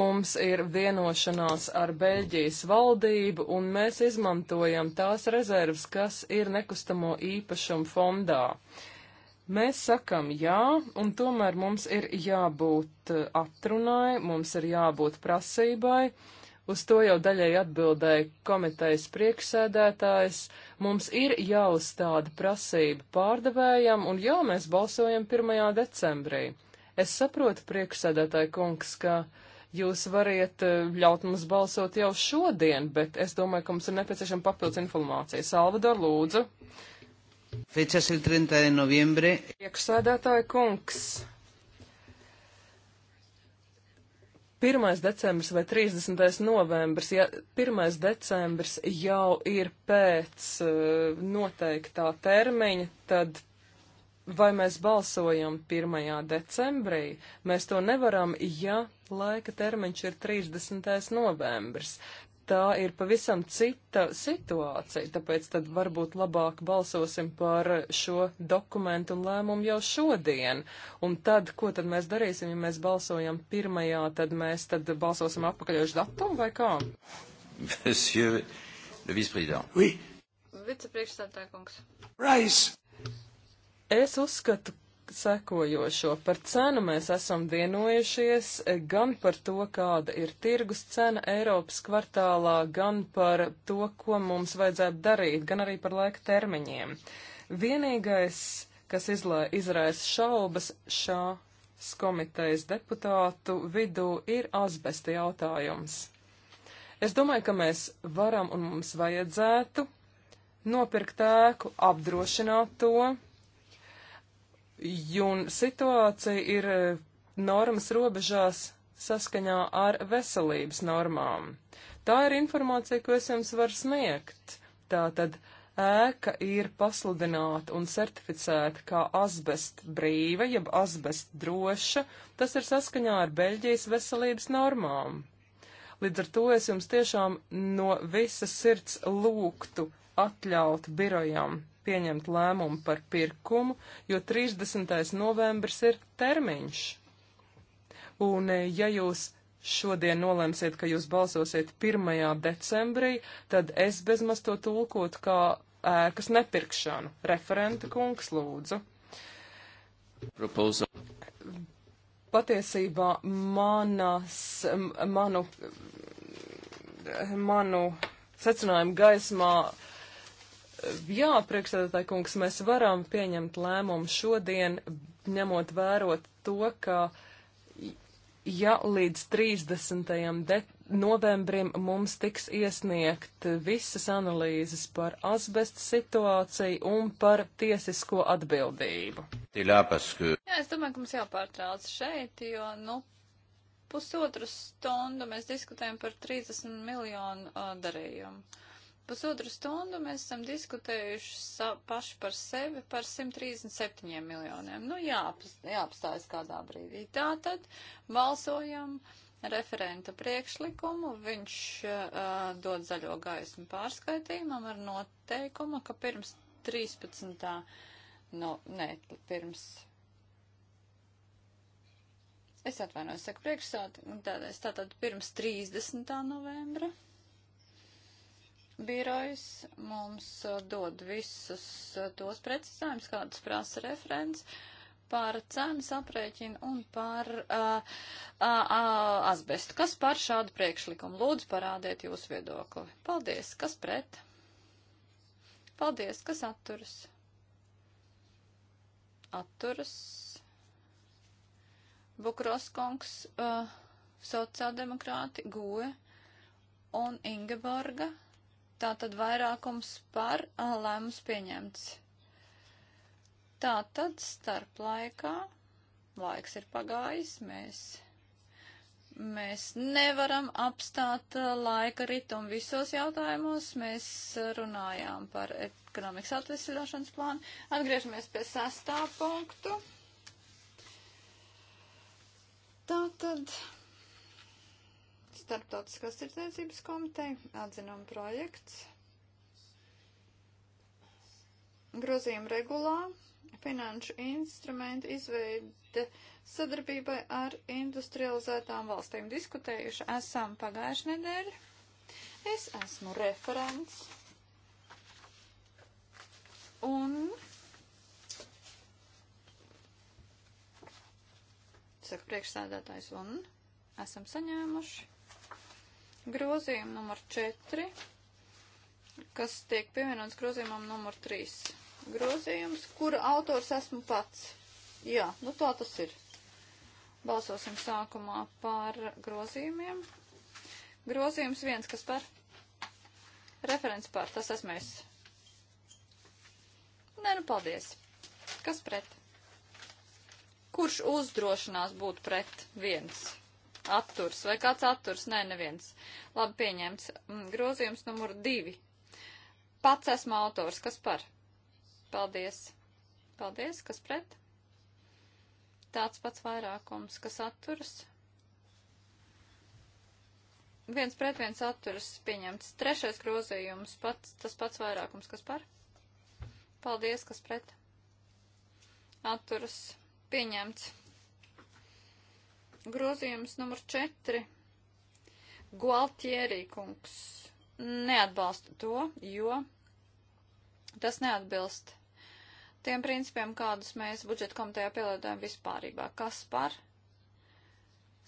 mums ir vienošanās ar Beļģijas valdību un mēs izmantojam tās rezervas, kas ir nekustamo īpašumu fondā. Mēs sakam jā, un tomēr mums ir jābūt eh, atrunai, mums ir jābūt prasībai. Uh, Uz to jau daļai atbildēja komitejas priekšsēdētājs. Mums ir jāuzstāda prasība pārdevējam, un jau mēs balsojam 1. decembrī. Es saprotu, priekšsēdētāji kungs, ka jūs variet eh, ļaut mums balsot jau šodien, bet es domāju, ka mums ir nepieciešama papildus informācija. Salvador, lūdzu. Fechas el 30 de noviembre. Priekšsēdētāji kungs. 1. decembris vai 30. novembris, ja 1. decembris jau ir pēc uh, noteiktā termiņa, tad vai mēs balsojam 1. decembrī? Mēs to nevaram, ja laika termiņš ir 30. novembris tā ir pavisam cita situācija, tāpēc tad varbūt labāk balsosim par šo dokumentu un lēmumu jau šodien. Un tad, ko tad mēs darīsim, ja mēs balsojam pirmajā, tad mēs tad balsosim apakaļošu datumu vai kā? Monsieur le vice-président. Oui. Vicepriekšsēdētāj kungs. Rice. Es uzskatu, sekojošo. Par cenu mēs esam vienojušies gan par to, kāda ir tirgus cena Eiropas kvartālā, gan par to, ko mums vajadzētu darīt, gan arī par laika termiņiem. Vienīgais, kas izlai, izraisa šaubas šās komitejas deputātu vidū, ir asbesta jautājums. Es domāju, ka mēs varam un mums vajadzētu nopirkt ēku, apdrošināt to, un situācija ir eh, normas robežās saskaņā ar veselības normām. Tā ir informācija, ko es jums varu sniegt. Tātad ēka ir pasludināta un certificēta kā asbest brīva, jeb asbest droša, tas ir saskaņā ar Beļģijas veselības normām. Līdz ar to es jums tiešām no visas sirds lūgtu atļaut birojam pieņemt lēmumu par pirkumu, jo 30. novembris ir termiņš. Un eh, ja jūs šodien nolemsiet, ka jūs balsosiet 1. decembrī, tad es bezmaz to tulkot kā ēkas nepirkšanu. Referenta kungs lūdzu. Proposal. Patiesībā manas, manu, manu secinājumu gaismā uh, Jā, priekšsēdētāji kungs, mēs varam pieņemt lēmumu šodien, ņemot vērot to, ka ja līdz 30. novembrim mums tiks iesniegt visas analīzes par asbesta situāciju un par tiesisko atbildību. Jā, es domāju, ka mums jāpārtrauc šeit, jo, nu, pusotru stundu mēs diskutējam par 30 miljonu uh, darījumu. Pusotru stundu mēs esam diskutējuši paši par sevi par 137 miljoniem. Nu, jāap, jāapstājas kādā brīdī. Tātad balsojam referenta priekšlikumu, viņš uh, dod zaļo gaismu pārskaitījumam ar noteikumu, ka pirms 13. No, nu, nē, pirms. Es atvainojos, saku priekšsādi, tātad pirms 30. novembra birojs mums uh, dod visus uh, tos precizījumus, kādus prasa referents par cenas aprēķinu un par uh, uh, uh, asbestu. Kas par šādu priekšlikumu? Lūdzu, parādiet jūsu viedokli. Paldies. Kas pret? Paldies. Kas atturas? Atturas. Bukroskungs, uh, sociāldemokrāti, Goe un Ingeborga Tā tad vairākums par lēmums pieņemts. Tā tad starp laikā laiks ir pagājis, mēs, mēs nevaram apstāt laika ritumu visos jautājumos. Mēs runājām par ekonomikas atvesļošanas plānu. Atgriežamies pie sastā punktu. Tā tad Starptautiskās tirdzniecības komiteja, atzinuma projekts, grozījuma regulā, finanšu instrumentu izveide sadarbībai ar industrializētām valstīm. Diskutējuši esam pagājuši nedēļu. Es esmu referents. Un saka priekšsēdētājs, un esam saņēmuši grozījumu numur 4, kas tiek pievienots grozījumam numur 3. Grozījums, kura autors esmu pats. Jā, nu tā tas ir. Balsosim sākumā par grozījumiem. Grozījums viens, kas par? Referents par, tas esmu es. Nē, nu paldies. Kas pret? Kurš uzdrošinās būt pret viens? atturs. Vai kāds atturs? Nē, neviens. Labi, pieņemts. Mm, grozījums numur divi. Pats esmu autors. Kas par? Paldies. Paldies. Kas pret? Tāds pats vairākums. Kas atturs? Viens pret viens atturs pieņemts. Trešais grozījums. Pats, tas pats vairākums. Kas par? Paldies. Kas pret? Atturs pieņemts. Grozījums numur 4. Gualtierī kungs neatbalsta to, jo tas neatbilst tiem principiem, kādus mēs budžeta komitejā pielietojam vispārībā. Kas par?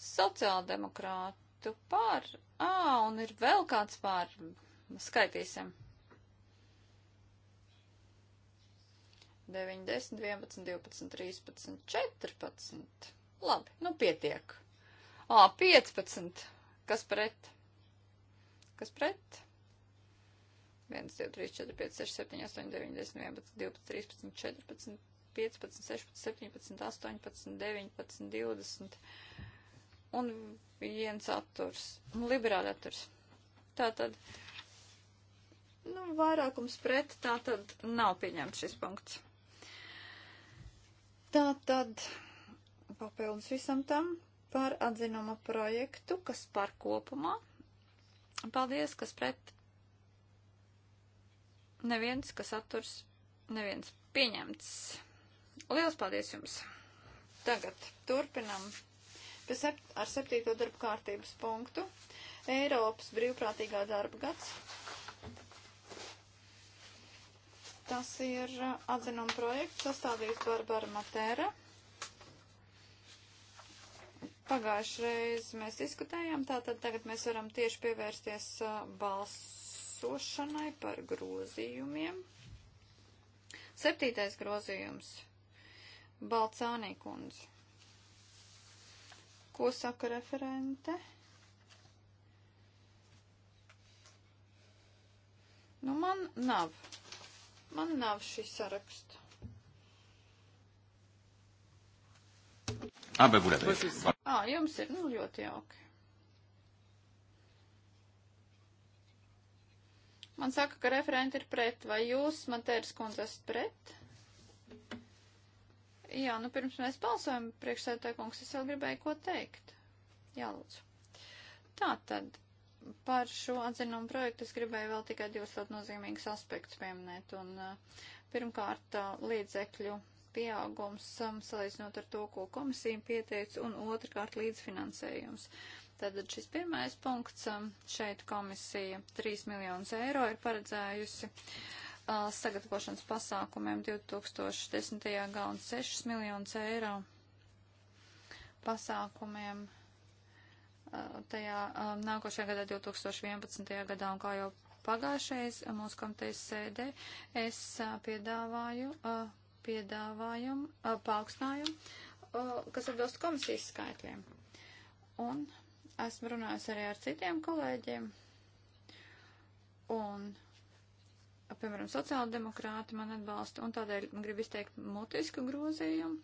Sociāldemokrātu par. Ā, un ir vēl kāds par. Skaitīsim. 9, 10, 11, 12, 13, 14. Labi, nu pietiek. Ā, 15. Kas pret? Kas pret? 1, 2, 3, 4, 5, 6, 7, 8, 9, 10, 11, 12, 13, 14, 15, 16, 17, 18, 19, 20 un viens atturs, liberāli atturs. Tātad, nu, vairākums pret, tātad nav pieņemts šis punkts. Tātad papildus visam tam par atzinuma projektu, kas par kopumā. Paldies, kas pret. Neviens, kas atturs, neviens pieņemts. Lielas paldies jums! Tagad turpinam sept, ar septīto darba kārtības punktu. Eiropas brīvprātīgā darba gads. Tas ir atzinuma projekts sastādīts Barbara Matēra. Pagājušreiz mēs diskutējām, tātad tagad mēs varam tieši pievērsties balsošanai par grozījumiem. Septītais grozījums. Balcānī kundze. Ko saka referente? Nu, man nav. Man nav šī saraksta. Ah, bet būtu labi. Ah, jums ir, nu, ļoti jauki. Man saka, ka referenti ir pret. Vai jūs, man tērs kundze, esat pret? Jā, nu pirms mēs balsojam, priekšsēdētāj kungs, es vēl gribēju ko teikt. Jā, lūdzu. Tā tad, par šo atzinumu projektu es gribēju vēl tikai divus ļoti nozīmīgus aspektus pieminēt. Un, uh, pirmkārt, uh, līdzekļu pieaugums um, salīdzinot ar to, ko komisija pieteica, un otrkārt līdzfinansējums. Tātad šis pirmais punkts um, šeit komisija 3 miljonus eiro ir paredzējusi uh, sagatavošanas pasākumiem 2010. gadā un 6 miljonus eiro pasākumiem uh, tajā uh, nākošajā gadā 2011. gadā un kā jau pagājušais uh, mūsu komitejas sēdē es uh, piedāvāju uh, piedāvājumu, paaugstinājumu, kas atbilst komisijas skaitļiem. Un esmu runājusi arī ar citiem kolēģiem. Un, piemēram, sociāldemokrāti man atbalsta, un tādēļ gribu izteikt mutisku grozījumu,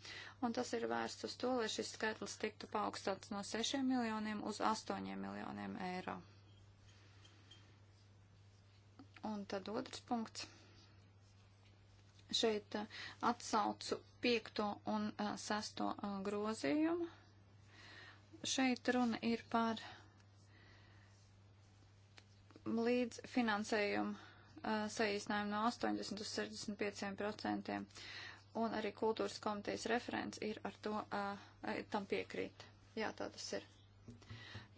un tas ir vērsts uz to, lai šis skaitlis tiktu paaugstāts no 6 miljoniem uz 8 miljoniem eiro. Un tad otrs punkts šeit eh, atsaucu piekto un eh, sesto eh, grozījumu. Šeit runa ir par līdzfinansējumu saīsinājumu no 80 uz 65 procentiem, un arī kultūras komitejas referents ir ar to, tam piekrīt. Jā, tā tas ir.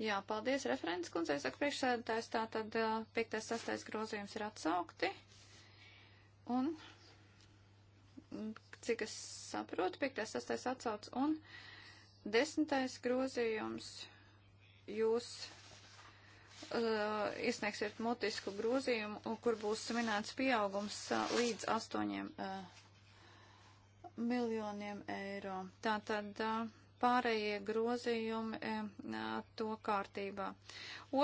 Jā, paldies referents kundzei, saka priekšsēdētājs, tā tad 5. 6. grozījums ir atsaukti, un cik es saprotu, 5. 6. atsauc un 10. grozījums jūs uh, iesniegsiet mutisku grozījumu, kur būs minēts pieaugums uh, līdz 8 uh, miljoniem eiro. Tātad uh, pārējie grozījumi uh, to kārtībā.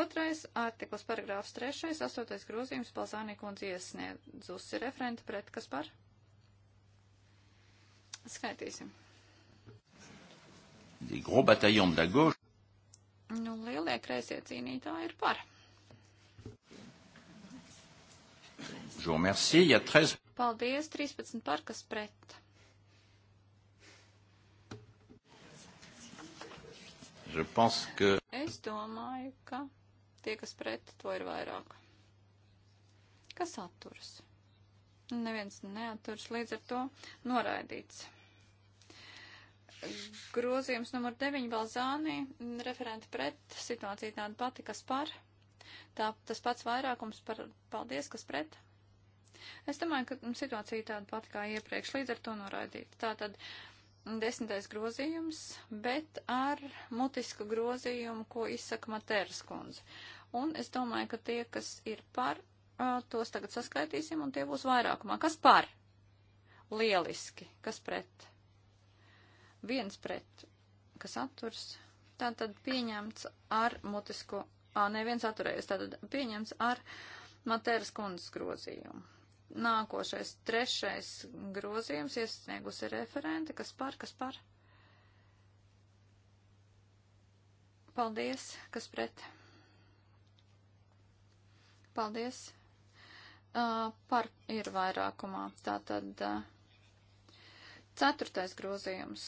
Otrais artikls paragrāfs trešais, astotais grozījums Palzānija kundze iesniedzusi referenta pret kas par? Skaitīsim. Nu, lielie kreisie cīnītāji ir par. Paldies, 13 par, kas pret. Que... Es domāju, ka tie, kas pret, to ir vairāk. Kas atturas? Neviens neatturas, līdz ar to noraidīts. Grozījums numur 9 Balzānī, referenti pret, situācija tāda pati, kas par. Tā, tas pats vairākums par paldies, kas pret. Es domāju, ka situācija tāda pati kā iepriekš, līdz ar to noraidīt. Tātad desmitais grozījums, bet ar mutisku grozījumu, ko izsaka Materas kundze. Un es domāju, ka tie, kas ir par, tos tagad saskaitīsim, un tie būs vairākumā. Kas par? Lieliski. Kas pret? viens pret, kas atturs, tātad pieņemts ar mutisko, ā, neviens atturējies, tātad pieņemts ar Matēras kundzes grozījumu. Nākošais, trešais grozījums iesniegusi referente, kas par, kas par. Paldies, kas pret. Paldies. Uh, par ir vairākumā. Tātad uh, Ceturtais grozījums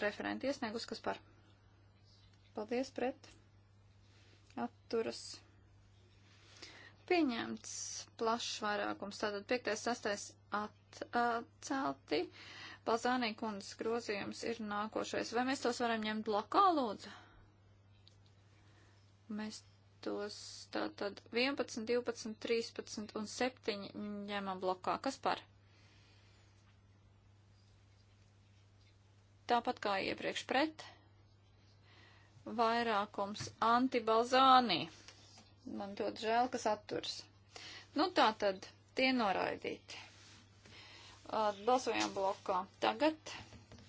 referenti iesniegus, kas par. Paldies pret. Atturas. Pieņemts plašs vairākums. Tātad 5. 6. atcelti. Balzānī kundzes grozījums ir nākošais. Vai mēs tos varam ņemt blakā, lūdzu? Mēs tos tātad 11, 12, 13 un 7 ņemam blakā. Kas par? tāpat kā iepriekš pret. Vairākums antibalzānī. Man ļoti žēl, kas atturs. Nu tā tad, tie noraidīti. Balsojām blokā. Tagad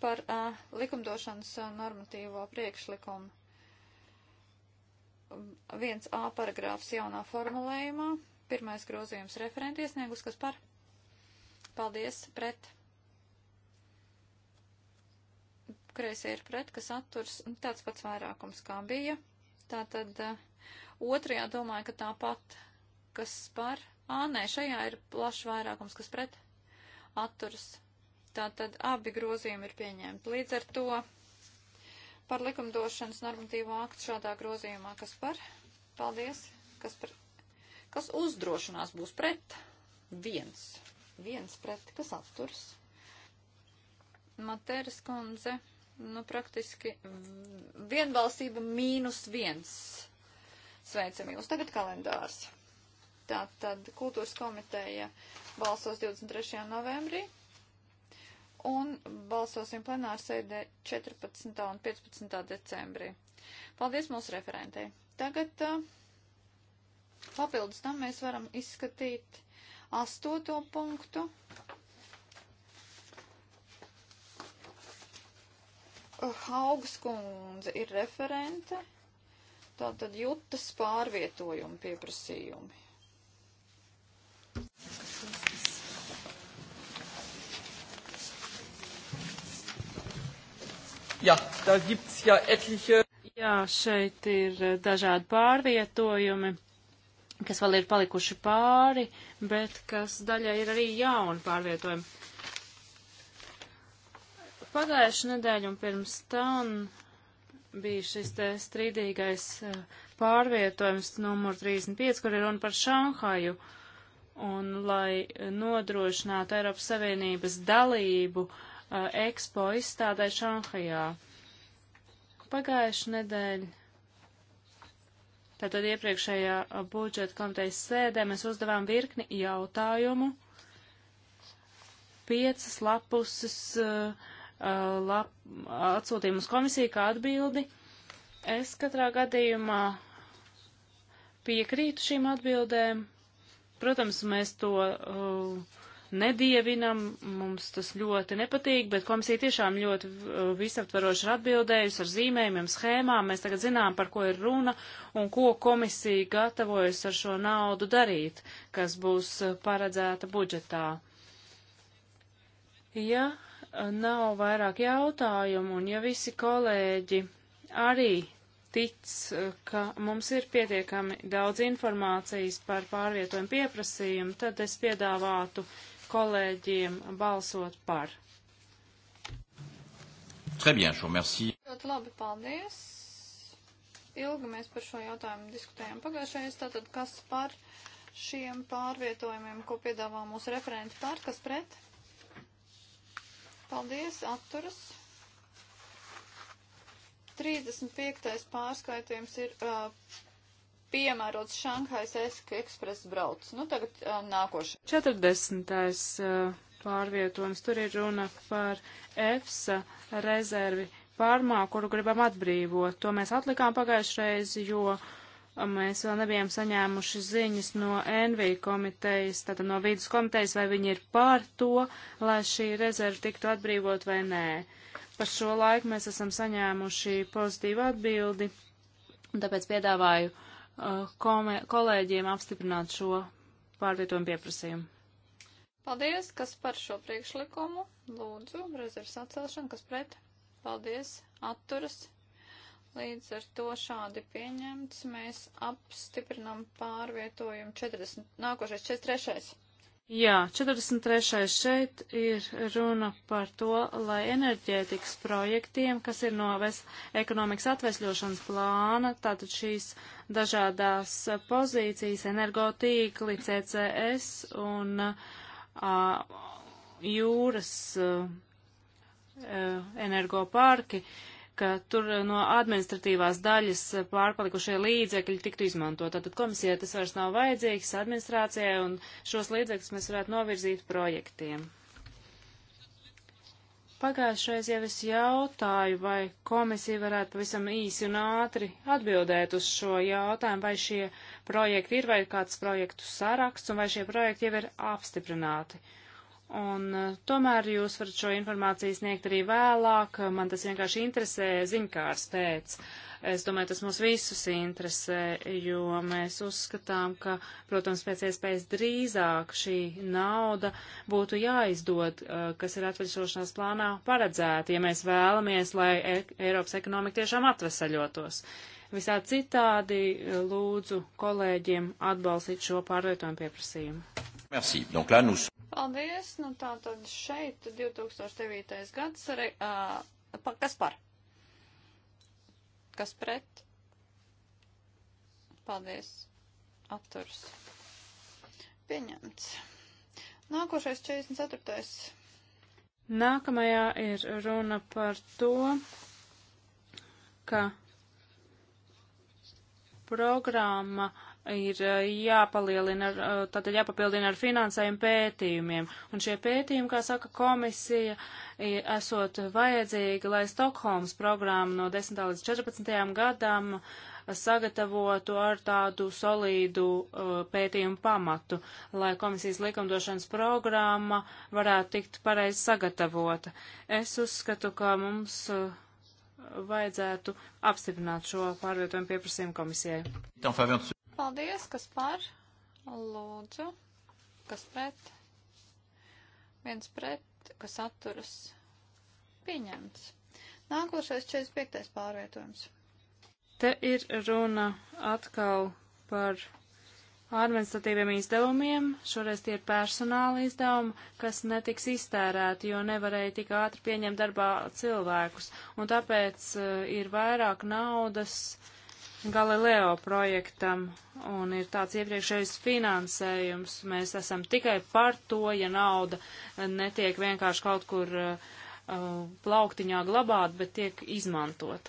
par uh, likumdošanas normatīvo priekšlikumu. 1a paragrāfs jaunā formulējumā. Pirmais grozījums referenti iesniegus, kas par. Paldies, pret kreisie ir pret, kas atturs nu, tāds pats vairākums, kā bija. Tātad eh, otrajā domāju, ka tāpat, kas par. Ā, nē, šajā ir plašs vairākums, kas pret atturs. Tātad abi grozījumi ir pieņemti. Līdz ar to par likumdošanas normatīvo aktu šādā grozījumā, kas par. Paldies. Kas, par, kas uzdrošinās būs pret? Viens. Viens pret, kas atturs. Materas kundze nu, praktiski vienbalsība mīnus viens. Sveicam jūs tagad kalendārs. Tā tad kultūras komiteja balsos 23. novembrī un balsosim plenārsēdē 14. un 15. decembrī. Paldies mūsu referentei. Tagad uh, papildus tam mēs varam izskatīt astoto punktu. Haugskundze ir referente, tātad jutas pārvietojuma pieprasījumi. Jā, da gibt's ja etliche. Jā, šeit ir eh, dažādi pārvietojumi, kas vēl ir palikuši pāri, bet kas daļai ir arī jauni pārvietojumi. Pagājuši nedēļu un pirms tam bija šis te strīdīgais eh, pārvietojums numur 35, kur ir runa par Šanhaju. Un, lai nodrošinātu Eiropas Savienības dalību uh, ekspo izstādē Šanhajā. Pagājuši nedēļu, tātad iepriekšējā eh, budžeta komitejas sēdē, mēs uzdevām virkni jautājumu, piecas lapuses uh, Uh, lap, atsūtījumu uz komisiju kā atbildi. Es katrā gadījumā piekrītu šīm atbildēm. Protams, mēs to uh, nedievinam, mums tas ļoti nepatīk, bet komisija tiešām ļoti uh, visaptvaroši ir atbildējusi ar zīmējumiem, schēmām. Mēs tagad zinām, par ko ir runa un ko komisija gatavojas ar šo naudu darīt, kas būs uh, paredzēta budžetā. Ja nav vairāk jautājumu, un ja visi kolēģi arī tic, ka mums ir pietiekami daudz informācijas par pārvietojumu pieprasījumu, tad es piedāvātu kolēģiem balsot par. Très bien, šo merci. Ļoti labi, paldies. Ilgi mēs par šo jautājumu diskutējām pagājušajais, tātad kas par šiem pārvietojumiem, ko piedāvā mūsu referenti par, kas pret? Paldies, atturas. 35. pārskaitījums ir uh, piemērots Šanghais ekspres brauc. Nu, tagad uh, nākošais. 40. Uh, pārvietojums. Tur ir runa par EFSA rezervi pārmā, kuru gribam atbrīvot. To mēs atlikām pagājušreiz, jo. Uh, Mēs vēl nebijām saņēmuši ziņas no NV komitejas, tātad no vīdas komitejas, vai viņi ir pār to, lai šī rezerva tiktu atbrīvot vai nē. Par šo laiku mēs esam saņēmuši pozitīvu atbildi, un tāpēc piedāvāju uh, komē, kolēģiem apstiprināt šo pārvietojumu pieprasījumu. Paldies, kas par šo priekšlikumu. Lūdzu, rezervas atcelšana, kas pret. Paldies, atturas. Līdz ar to šādi pieņemts, mēs apstiprinām pārvietojumu 40, nākošais 43. Jā, 43. šeit ir runa par to, lai enerģētikas projektiem, kas ir no ves, ekonomikas atvesļošanas plāna, tātad šīs dažādās pozīcijas, energotīkli, CCS un a, jūras a, a, energoparki, a, ka tur eh, no administratīvās daļas eh, pārpalikušie līdzekļi tiktu izmantot. Tātad komisijai tas vairs nav vajadzīgs administrācijai, un šos līdzekļus mēs varētu novirzīt projektiem. Pagājušais jau es jautāju, vai komisija varētu pavisam īsi un ātri atbildēt uz šo jautājumu, vai šie projekti ir, vai ir kāds projektu saraksts, un vai šie projekti jau ir apstiprināti. Uh, Un eh, tomēr jūs varat šo informāciju sniegt arī vēlāk. Man tas vienkārši interesē ziņkārs pēc. Es domāju, tas mūs visus interesē, jo mēs uzskatām, ka, protams, pēc iespējas drīzāk šī nauda būtu jāizdod, eh, kas ir atveļošanās plānā paredzēta, ja mēs vēlamies, lai e Eiropas ekonomika tiešām atvesaļotos. Visā citādi eh, lūdzu kolēģiem atbalstīt šo pārvietojumu pieprasījumu. Merci. Donc là, nous... Paldies! Nu tā tad šeit 2009. gads, re, uh, kas par? Kas pret? Paldies! Atturs. Pieņemts. Nākošais 44. Nākamajā ir runa par to, ka programma uh, ir eh, jāpalielina, ar, eh, tātad jāpapildina ar finansējumu pētījumiem. Un šie pētījumi, kā saka komisija, esot vajadzīgi, lai Stokholmas programma no 10. līdz 14. gadam sagatavotu ar tādu solīdu uh, pētījumu pamatu, lai komisijas likumdošanas programma varētu tikt pareizi sagatavota. Es uzskatu, ka mums uh, vajadzētu apstiprināt šo pārvietojumu pieprasījumu komisijai. Paldies, kas par, lūdzu, kas pret, viens pret, kas atturas, pieņemts. Nākošais 45. pārvietojums. Te ir runa atkal par administratīviem izdevumiem, šoreiz tie ir personāla izdevumi, kas netiks iztērēti, jo nevarēja tik ātri pieņemt darbā cilvēkus. Un tāpēc uh, ir vairāk naudas uh, Galileo projektam un ir tāds iepriekšējs finansējums. Mēs esam tikai par to, ja nauda netiek vienkārši kaut kur uh, uh plauktiņā glabāt, bet tiek izmantot.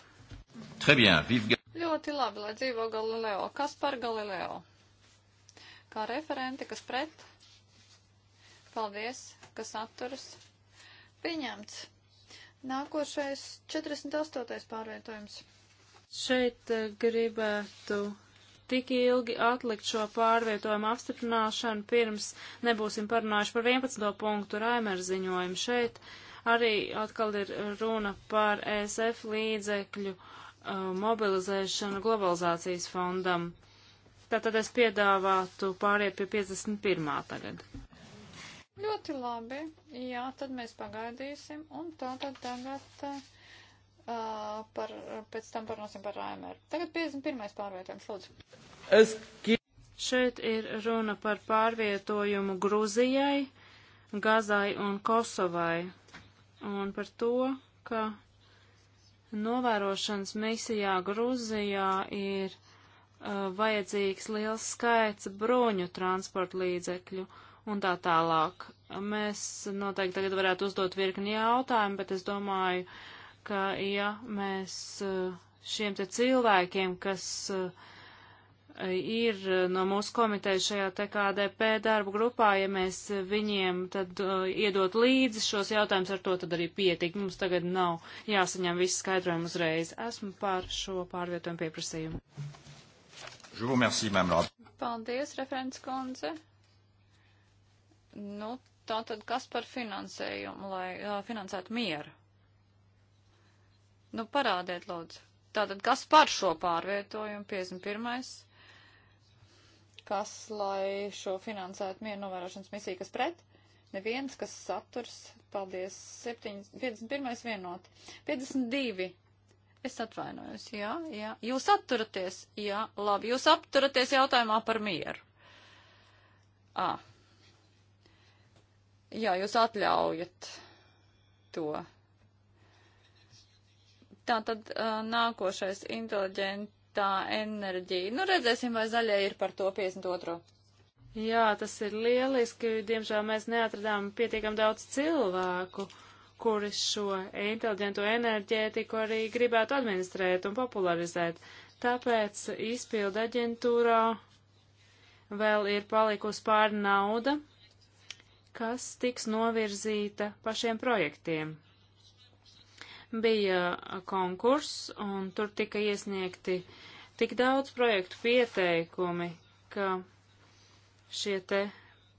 Bien, vive... Ļoti labi, lai dzīvo Galileo. Kas par Galileo? Kā referenti, kas pret? Paldies, kas atturas. Pieņemts. Nākošais 48. pārvietojums. Šeit eh, gribētu tik ilgi atlikt šo pārvietojumu apstiprināšanu, pirms nebūsim parunājuši par 11. punktu Raimēra ziņojumu. Šeit arī atkal ir runa par ESF līdzekļu uh, mobilizēšanu globalizācijas fondam. Tātad es piedāvātu pāriet pie 51. tagad. Ļoti labi. Jā, tad mēs pagaidīsim. Un tātad tagad. Uh Uh, par, pēc tam parunāsim par AMR. Tagad 51. pārvietojums, lūdzu. Es... Šeit ir runa par pārvietojumu Gruzijai, Gazai un Kosovai, un par to, ka novērošanas misijā Gruzijā ir uh, vajadzīgs liels skaits bruņu transporta līdzekļu un tā tālāk. Mēs noteikti tagad varētu uzdot virkni jautājumu, bet es domāju, uh, ka ja mēs eh, šiem te cilvēkiem, kas eh, ir eh, no mūsu komitejas šajā TKDP darbu grupā, ja mēs viņiem tad uh, iedot līdzi šos jautājumus, ar to tad arī pietiek. Mums tagad nav jāsaņem viss skaidrojumi uzreiz. Esmu par šo pārvietojumu pieprasījumu. Merci, Paldies, referents kundze. Nu, tā tad kas par finansējumu, lai uh, finansētu mieru? Nu, parādiet, lūdzu. Tātad, kas par šo pārvietojumu 51. Kas, lai šo finansētu mieru novērošanas misiju, kas pret? Neviens, kas saturs. Paldies. 7, 51. vienot. 52. Es atvainojos, jā, jā. Jūs atturaties, jā, labi. Jūs atturaties jautājumā par mieru. À. Jā, jūs atļaujat to. Tā tad uh, nākošais inteliģentā enerģija. Nu, redzēsim, vai zaļie ir par to 52. Jā, tas ir lieliski. Diemžēl mēs neatradām pietiekam daudz cilvēku, kuri šo inteliģento enerģētiku arī gribētu administrēt un popularizēt. Tāpēc izpilda aģentūrā vēl ir palikusi pāri nauda, kas tiks novirzīta pašiem projektiem bija uh, konkurss, un tur tika iesniegti tik daudz projektu pieteikumi, ka šie te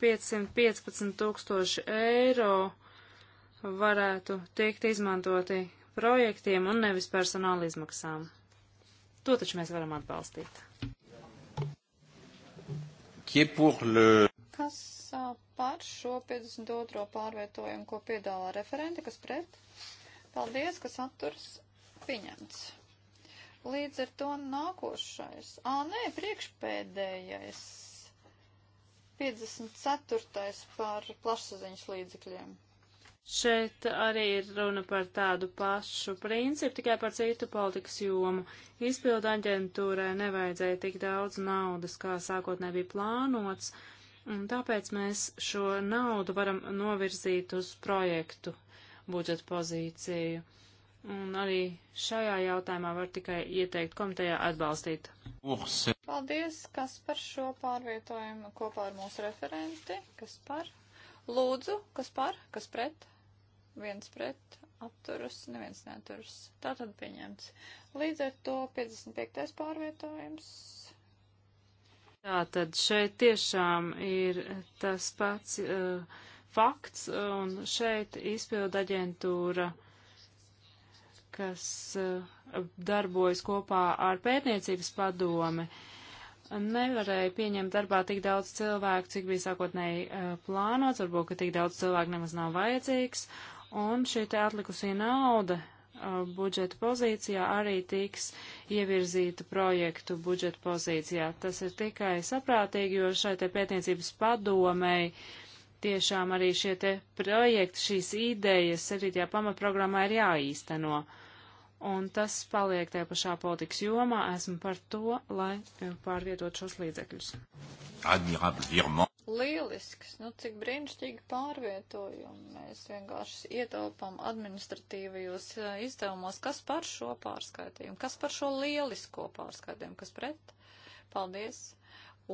515 tūkstoši eiro varētu tikt izmantoti projektiem un nevis personāla izmaksām. To taču mēs varam atbalstīt. Le... Kas uh, par šo 52. pārvietojumu, ko piedāvā referenti, kas pret? Paldies, kas atturs pieņemts. Līdz ar to nākošais. Ā, nē, priekšpēdējais. 54. par plašsaziņas līdzekļiem. Šeit arī ir runa par tādu pašu principu, tikai par citu politikas jomu. Izpildu aģentūrai nevajadzēja tik daudz naudas, kā sākotnē bija plānots, un tāpēc mēs šo naudu varam novirzīt uz projektu budžeta pozīciju. Un arī šajā jautājumā var tikai ieteikt komitejā atbalstīt. Paldies, kas par šo pārvietojumu kopā ar mūsu referenti, kas par. Lūdzu, kas par, kas pret, viens pret, apturas, neviens neaturas. Tātad pieņemts. Līdz ar to 55. pārvietojums. Tātad šeit tiešām ir tas pats. Uh, fakts, un šeit izpilda aģentūra, kas eh, darbojas kopā ar pētniecības padomi, nevarēja pieņemt darbā tik daudz cilvēku, cik bija sākotnēji eh, plānots, varbūt, ka tik daudz cilvēku nemaz nav vajadzīgs, un šī te atlikusī nauda eh, budžeta pozīcijā arī tiks ievirzīta projektu budžeta pozīcijā. Tas ir tikai saprātīgi, jo šai te pētniecības padomei uh, tiešām arī šie te projekti, šīs idejas arī tajā pamatprogrammā ir jāīsteno. Un tas paliek tajā pašā politikas jomā. Esmu par to, lai eh, pārvietot šos līdzekļus. Lielisks, nu cik brīnišķīgi pārvietojumi. Mēs vienkārši ietaupām administratīvajos eh, izdevumos. Kas par šo pārskaitījumu? Kas par šo lielisko pārskaitījumu? Kas pret? Paldies!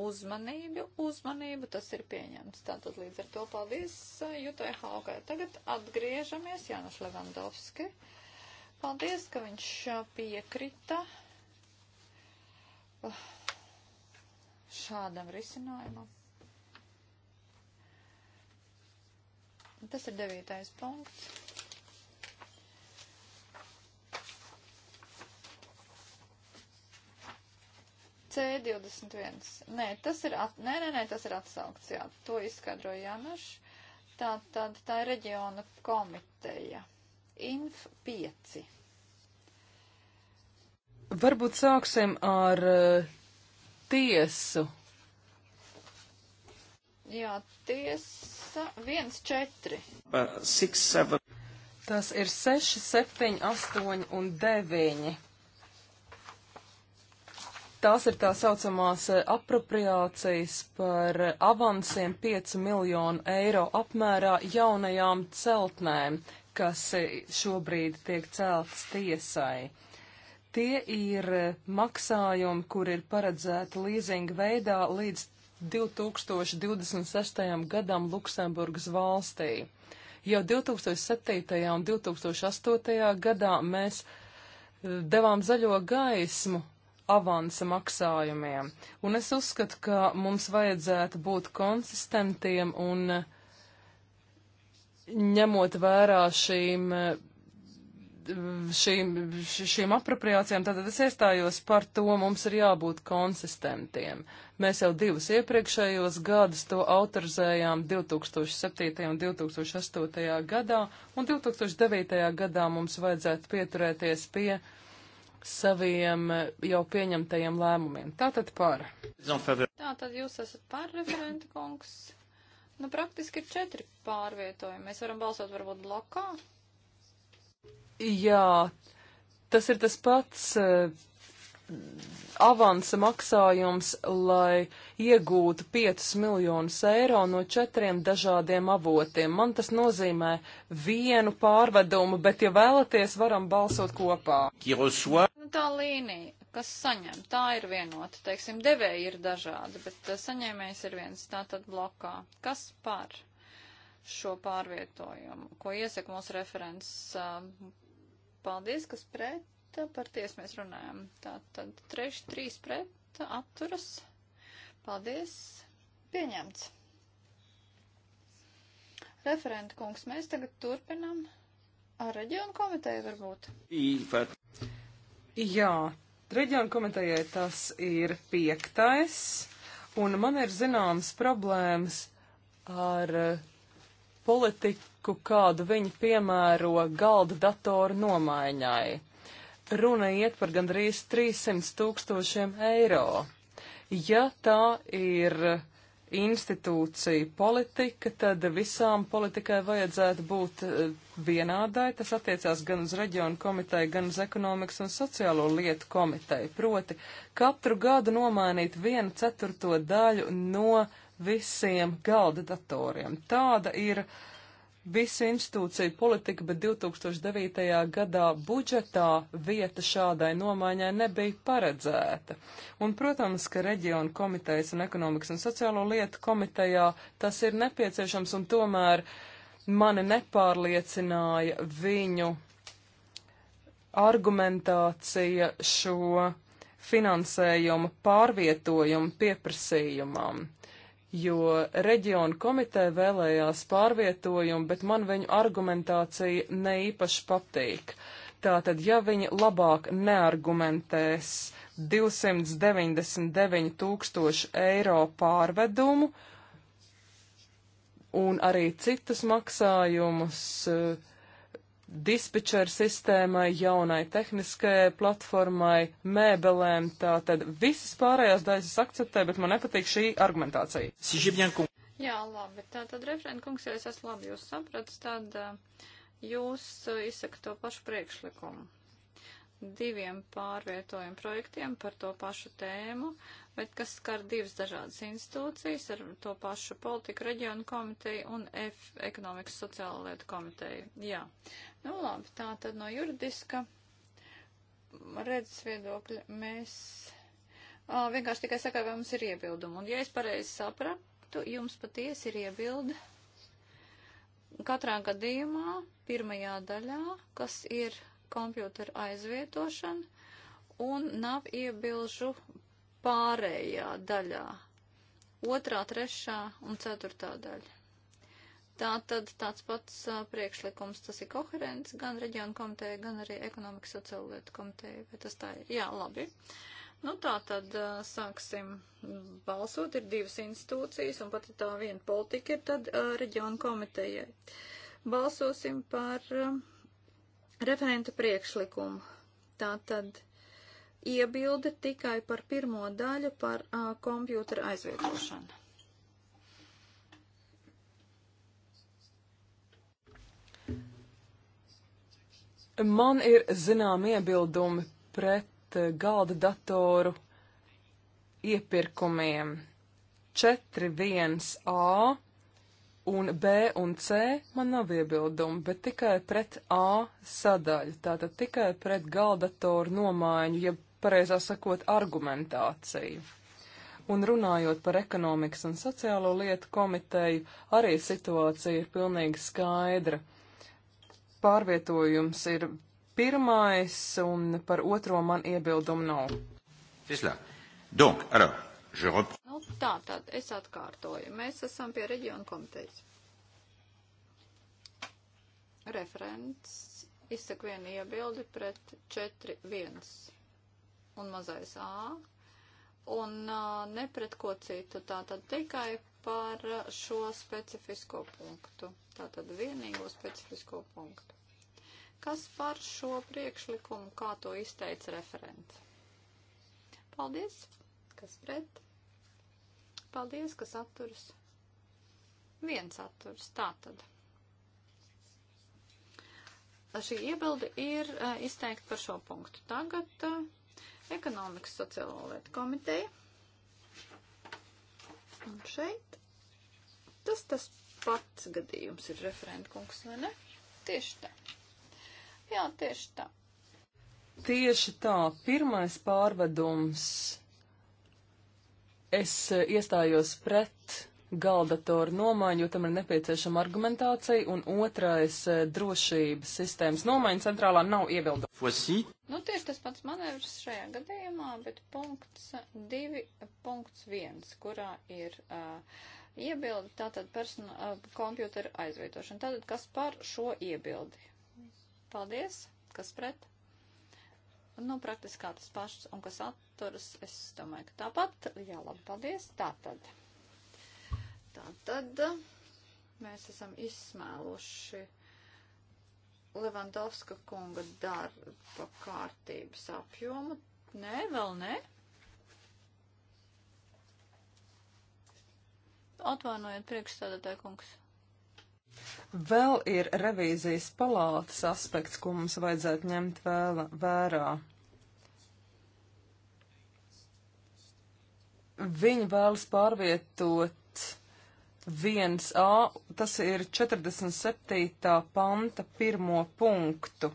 uzmanību, uzmanību, tas ir pieņemts. Tātad līdz ar to paldies Jutai Haukai. Tagad atgriežamies Jānis Levandovski. Paldies, ka viņš piekrita šādam risinājumam. Tas ir devītais punkts. C21. Nē, tas ir, at... nē, nē, nē, tas ir atsaukts, jā, to izskaidroja Janaš. Tā, tā, tā ir reģiona komiteja. Inf 5. Varbūt sāksim ar uh, tiesu. Jā, tiesa 1-4. Uh, Tas ir 6, 7, 8 un 9. Tās ir tā saucamās eh, apropriācijas par avansiem 5 miljonu eiro apmērā jaunajām celtnēm, kas eh, šobrīd tiek celtas tiesai. Tie ir eh, maksājumi, kur ir paredzēti līzinga veidā līdz 2026. gadam Luksemburgas valstī. Jau 2007. un 2008. gadā mēs devām zaļo gaismu avansa maksājumiem. Un es uzskatu, ka mums vajadzētu būt konsistentiem un ņemot vērā šīm, šīm, šīm apropriācijām, tad es iestājos par to, mums ir jābūt konsistentiem. Mēs jau divus iepriekšējos gadus to autorizējām 2007. un 2008. gadā, un 2009. gadā mums vajadzētu pieturēties pie saviem eh, jau pieņemtajiem lēmumiem. Tātad par. Tātad jūs esat par referenta kungs. Nu, praktiski ir četri pārvietojumi. Mēs varam balsot varbūt blokā. Jā, tas ir tas pats. Uh, avansa maksājums, lai iegūtu 5 miljonus eiro no četriem dažādiem avotiem. Man tas nozīmē vienu pārvedumu, bet, ja vēlaties, varam balsot kopā. Nu, tā līnija, kas saņem, tā ir vienota. Teiksim, devēji ir dažādi, bet eh, saņēmējs ir viens tātad blokā. Kas par šo pārvietojumu, ko iesaka mūsu referents? Eh, paldies, kas pret? Tā par tiesu mēs runājam. Tā tad treši, trīs pret, atturas. Paldies. Pieņemts. Referenta kungs, mēs tagad turpinam ar reģionu komiteju varbūt. Īpat. Jā, reģionu komitejai tas ir piektais, un man ir zināmas problēmas ar politiku, kādu viņi piemēro galda datoru nomaiņai. Runa iet par gandrīz 300 tūkstošiem eiro. Ja tā ir institūcija politika, tad visām politikai vajadzētu būt eh, vienādai. Tas attiecās gan uz reģionu komiteju, gan uz ekonomikas un sociālo lietu komiteju. Proti, katru gadu nomainīt vienu ceturto daļu no visiem galda datoriem. Tāda ir uh, visu institūciju politika, bet 2009. gadā budžetā vieta šādai nomaiņai nebija paredzēta. Un, protams, ka reģionu komitejas un ekonomikas un sociālo lietu komitejā tas ir nepieciešams, un tomēr mani nepārliecināja viņu argumentācija šo finansējumu pārvietojumu pieprasījumam jo reģionu komiteja vēlējās pārvietojumu, bet man viņu argumentācija neīpaši patīk. Tātad, ja viņi labāk neargumentēs 299 tūkstoši eiro pārvedumu un arī citus maksājumus, uh, dispečera sistēmai, jaunai tehniskajai platformai, mēbelēm, tātad visas pārējās daļas es akceptēju, bet man nepatīk šī argumentācija. Jā, labi, tātad referentkungs, ja es esmu labi jūs sapratis, tad uh, jūs uh, eh, izsaka to pašu priekšlikumu diviem pārvietojumu projektiem par to pašu tēmu, bet kas skar divas dažādas institūcijas ar to pašu politiku reģionu komiteju un F ekonomikas sociālo lietu komiteju. Jā. Nu labi, tā tad no juridiska redzes viedokļa mēs a, vienkārši tikai sakām, vai mums ir iebildumi. Un ja es pareizi sapratu, jums patiesi ir iebildi katrā gadījumā pirmajā daļā, kas ir kompjūteru aizvietošana un nav iebilžu pārējā daļā. Otrā, trešā un ceturtā daļa. Tā tad tāds pats a, priekšlikums, tas ir koherents gan reģionu komiteja, gan arī ekonomikas sociālo lietu komiteja. Vai tas tā ir? Jā, labi. Nu tā tad a, sāksim balsot. Ir divas institūcijas un pat tā viena politika ir tad a, reģionu komitejai. Balsosim par. Uh, referenta priekšlikumu. Tātad iebilde tikai par pirmo daļu par uh, kompjūtera aizvietošanu. Man ir zinām iebildumi pret galda datoru iepirkumiem. 4.1a un B un C man nav iebildumi, bet tikai pret A sadaļu, tātad tikai pret galdatoru nomaiņu, ja pareizā sakot argumentāciju. Un runājot par ekonomikas un sociālo lietu komiteju, arī situācija ir pilnīgi skaidra. Pārvietojums ir pirmais, un par otro man iebildumu nav. Vislāk. Donc, alors, Rep... Nu, tā, tad es atkārtoju. Mēs esam pie reģiona komitejas. Referents izsaka vienu iebildi pret 4.1 un mazais A un uh, ne pret ko citu. Tā tad tikai par šo specifisko punktu. Tā tad vienīgo specifisko punktu. Kas par šo priekšlikumu, kā to izteica referents? Paldies! kas pret. Paldies, kas atturas. Viens atturas. Tātad. Šī iebilde ir uh, izteikta par šo punktu. Tagad uh, ekonomikas sociālo lietu komiteja. Un šeit tas tas pats gadījums ir referentkungs, vai ne? Tieši tā. Jā, tieši tā. Tieši tā, pirmais pārvedums es eh, iestājos pret galdatoru nomaiņu, jo tam ir nepieciešama argumentācija, un otrais eh, drošības sistēmas nomaiņa centrālā nav iebildama. Nu, tieši tas pats manevrs šajā gadījumā, bet punkts 2.1, kurā ir uh, iebildi, tātad personu uh, kompjuteru aizvietošana. Tātad, kas par šo iebildi? Paldies, kas pret? nu, praktiski kā tas pašs, un kas atturas, es domāju, ka tāpat, jā, labi, paldies, tātad. Tātad mēs esam izsmēluši Levandovska kunga darba kārtības apjomu. Nē, vēl nē. Atvainojiet priekšstādātāju kungs. Vēl ir revīzijas palātas aspekts, ko mums vajadzētu ņemt vēla, vērā. Viņi vēlas pārvietot 1A, tas ir 47. panta pirmo punktu.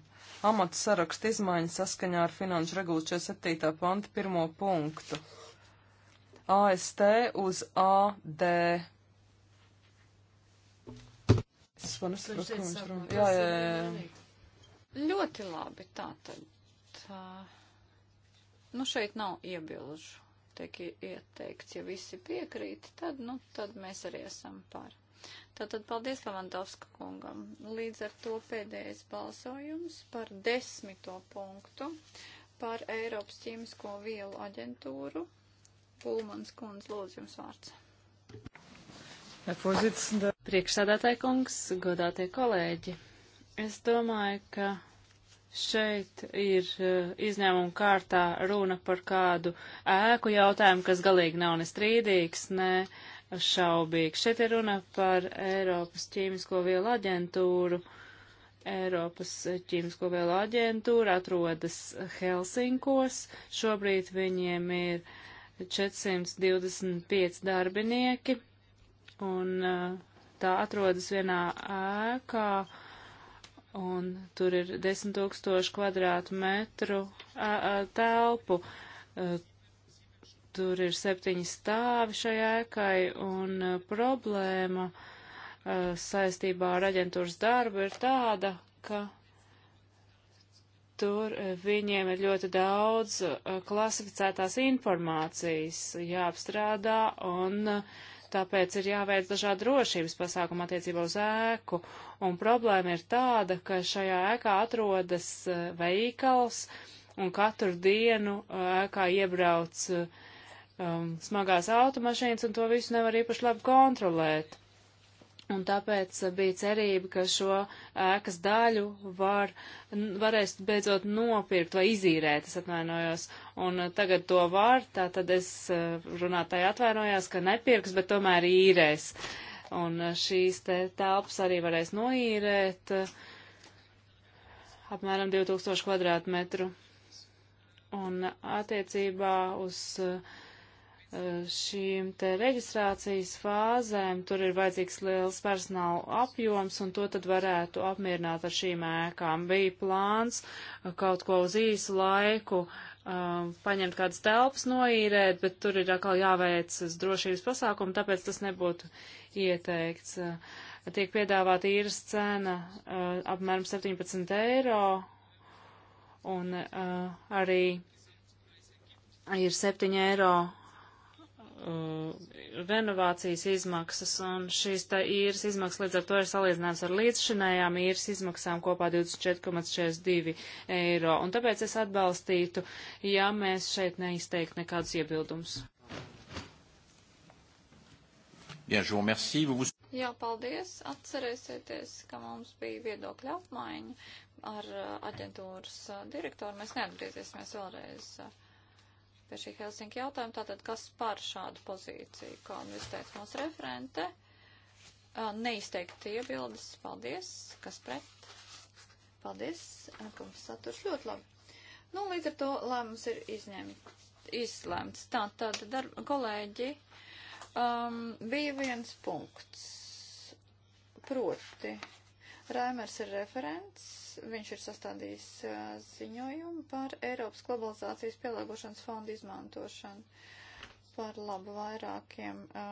Amats saraksta izmaiņas saskaņā ar finanšu regulas 47. panta pirmo punktu. AST uz AD Svanas Rukungs. Jā, jā, jā. Ļoti labi, tā tad. Nu, šeit nav iebilžu. Tiek ieteikts, ja visi piekrīt, tad, nu, tad mēs arī esam par. Tātad paldies Lavandovska kungam. Līdz ar to pēdējais balsojums par desmito punktu par Eiropas ķīmisko vielu aģentūru. Pulmans kundz, lūdzu jums vārds. Herr Vorsitzender. Priekšsādātāja kungs, godātie kolēģi, es domāju, ka šeit ir eh, izņēmuma kārtā runa par kādu ēku jautājumu, kas galīgi nav ne strīdīgs, ne šaubīgs. Šeit ir runa par Eiropas ķīmisko vielu aģentūru. Eiropas ķīmisko vielu aģentūra atrodas Helsinkos. Šobrīd viņiem ir 425 darbinieki un uh, tā atrodas vienā ēkā, un tur ir 10 tūkstoši kvadrātmetru telpu. Tur ir septiņi stāvi šai ēkai, un problēma saistībā ar aģentūras darbu ir tāda, ka tur viņiem ir ļoti daudz klasificētās informācijas jāapstrādā un uh, Tāpēc ir jāveic dažādi drošības pasākumi attiecībā uz ēku, un problēma ir tāda, ka šajā ēkā atrodas eh, veikals, un katru dienu eh, ēkā iebrauc eh, um, smagās automašīnas, un to visu nevar īpaši labi kontrolēt. Un tāpēc bija cerība, ka šo ēkas daļu var, varēs beidzot nopirkt vai izīrēt, es atvainojos. Un uh, tagad to var, tā tad es uh, runātāji atvainojos, ka nepirks, bet tomēr īrēs. Un uh, šīs te telpas arī varēs noīrēt apmēram 2000 kvadrātmetru. Un attiecībā uz uh, šīm te reģistrācijas fāzēm, tur ir vajadzīgs liels personāla apjoms, un to tad varētu apmierināt ar šīm ēkām. Bija plāns kaut ko uz īsu laiku uh, paņemt kādas telpas noīrēt, bet tur ir atkal jāveicas drošības pasākumi, tāpēc tas nebūtu ieteikts. Uh, tiek piedāvāta īras cena uh, apmēram 17 eiro, un uh, arī ir 7 eiro Uh, renovācijas izmaksas, un šīs tā īres izmaksas līdz ar to ir salīdzināmas ar līdzšinējām īres izmaksām kopā 24,42 eiro. Un tāpēc es atbalstītu, ja mēs šeit neizteiktu nekādus iebildumus. Bien, je vous remercie. Vous... Jā, paldies. Atcerēsieties, ka mums bija viedokļa apmaiņa ar uh, aģentūras uh, direktoru. Mēs neatgriezīsimies vēlreiz. Uh, pie šī Helsinki jautājuma. Tātad, kas par šādu pozīciju, kā nu izteica mūsu referente? Neizteikti iebildes. Paldies. Kas pret? Paldies. Kungs saturs ļoti labi. Nu, līdz ar to lēmums ir izņemt, izslēmts. Tātad, darba kolēģi, um, bija viens punkts. Proti Rēmers ir referents, viņš ir sastādījis uh, ziņojumu par Eiropas globalizācijas pielāgošanas fondu izmantošanu par labu vairākiem uh,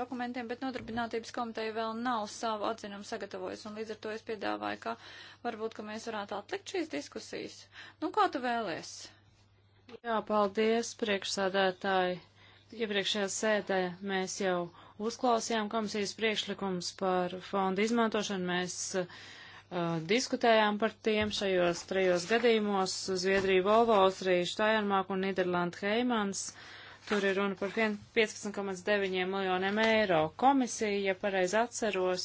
dokumentiem, bet nodarbinātības komiteja vēl nav savu atzinumu sagatavojusi, un līdz ar to es piedāvāju, ka varbūt, ka mēs varētu atlikt šīs diskusijas. Nu, kā tu vēlies? Jā, paldies, priekšsādētāji. Iepriekšējā sēdē mēs jau uzklausījām komisijas priekšlikums par fondu izmantošanu. Mēs uh, diskutējām par tiem šajos trijos gadījumos - Zviedrija, Volvo, Austrija, Štajermāk un Niderlanda Heimans. Tur ir runa par 15,9 miljoniem eiro. Komisija, ja pareizi atceros,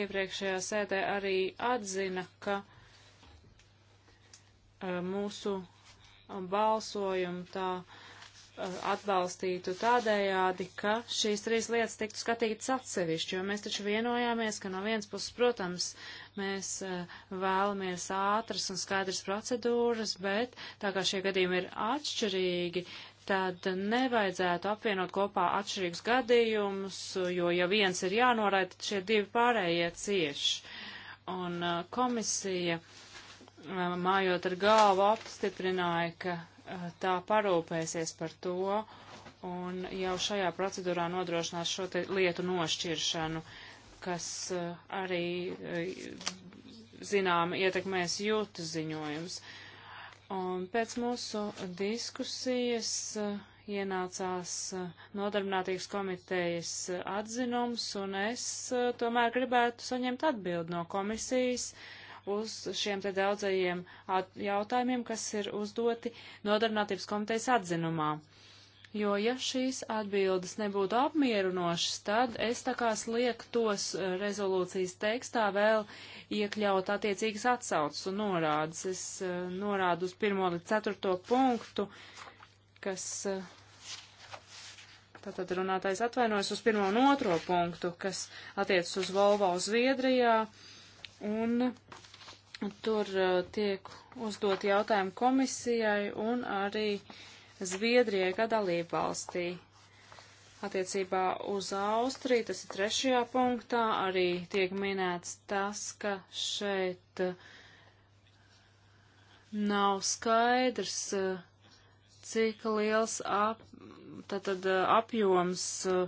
iepriekšējā sēdē arī atzina, ka uh, mūsu balsojumu tā uh, Eh, atbalstītu tādējādi, ka šīs trīs lietas tiktu skatītas atsevišķi, jo mēs taču vienojāmies, ka no vienas puses, protams, mēs eh, vēlamies ātras un skaidras procedūras, bet tā kā šie gadījumi ir atšķirīgi, tad nevajadzētu apvienot kopā atšķirīgus gadījumus, jo ja viens ir jānoraida, tad šie divi pārējie cieši. Un eh, komisija, mājot ar galvu, apstiprināja, ka tā parūpēsies par to un jau šajā procedūrā nodrošinās šo lietu nošķiršanu, kas eh, arī, eh, zinām, ietekmēs jūtu ziņojums. Un pēc mūsu diskusijas eh, ienācās nodarbinātības komitejas atzinums, un es tomēr gribētu saņemt atbildi no komisijas, uh, uz šiem te daudzajiem jautājumiem, kas ir uzdoti nodarbinātības komitejas atzinumā. Jo, ja šīs atbildes nebūtu apmierinošas, tad es tā kā sliektos eh, rezolūcijas tekstā vēl iekļaut attiecīgas atsaucas un norādes. Es eh, norādu uz pirmo līdz ceturto punktu, kas eh, Tātad runātais atvainojas uz pirmo un otro punktu, kas attiecas uz Volvo Zviedrijā. Un Tur uh, tiek uzdot jautājumu komisijai un arī Zviedrijai, kā dalību valstī. Attiecībā uz Austriju, tas ir trešajā punktā, arī tiek minēts tas, ka šeit uh, nav skaidrs, uh, cik liels ap, tātad, apjoms uh,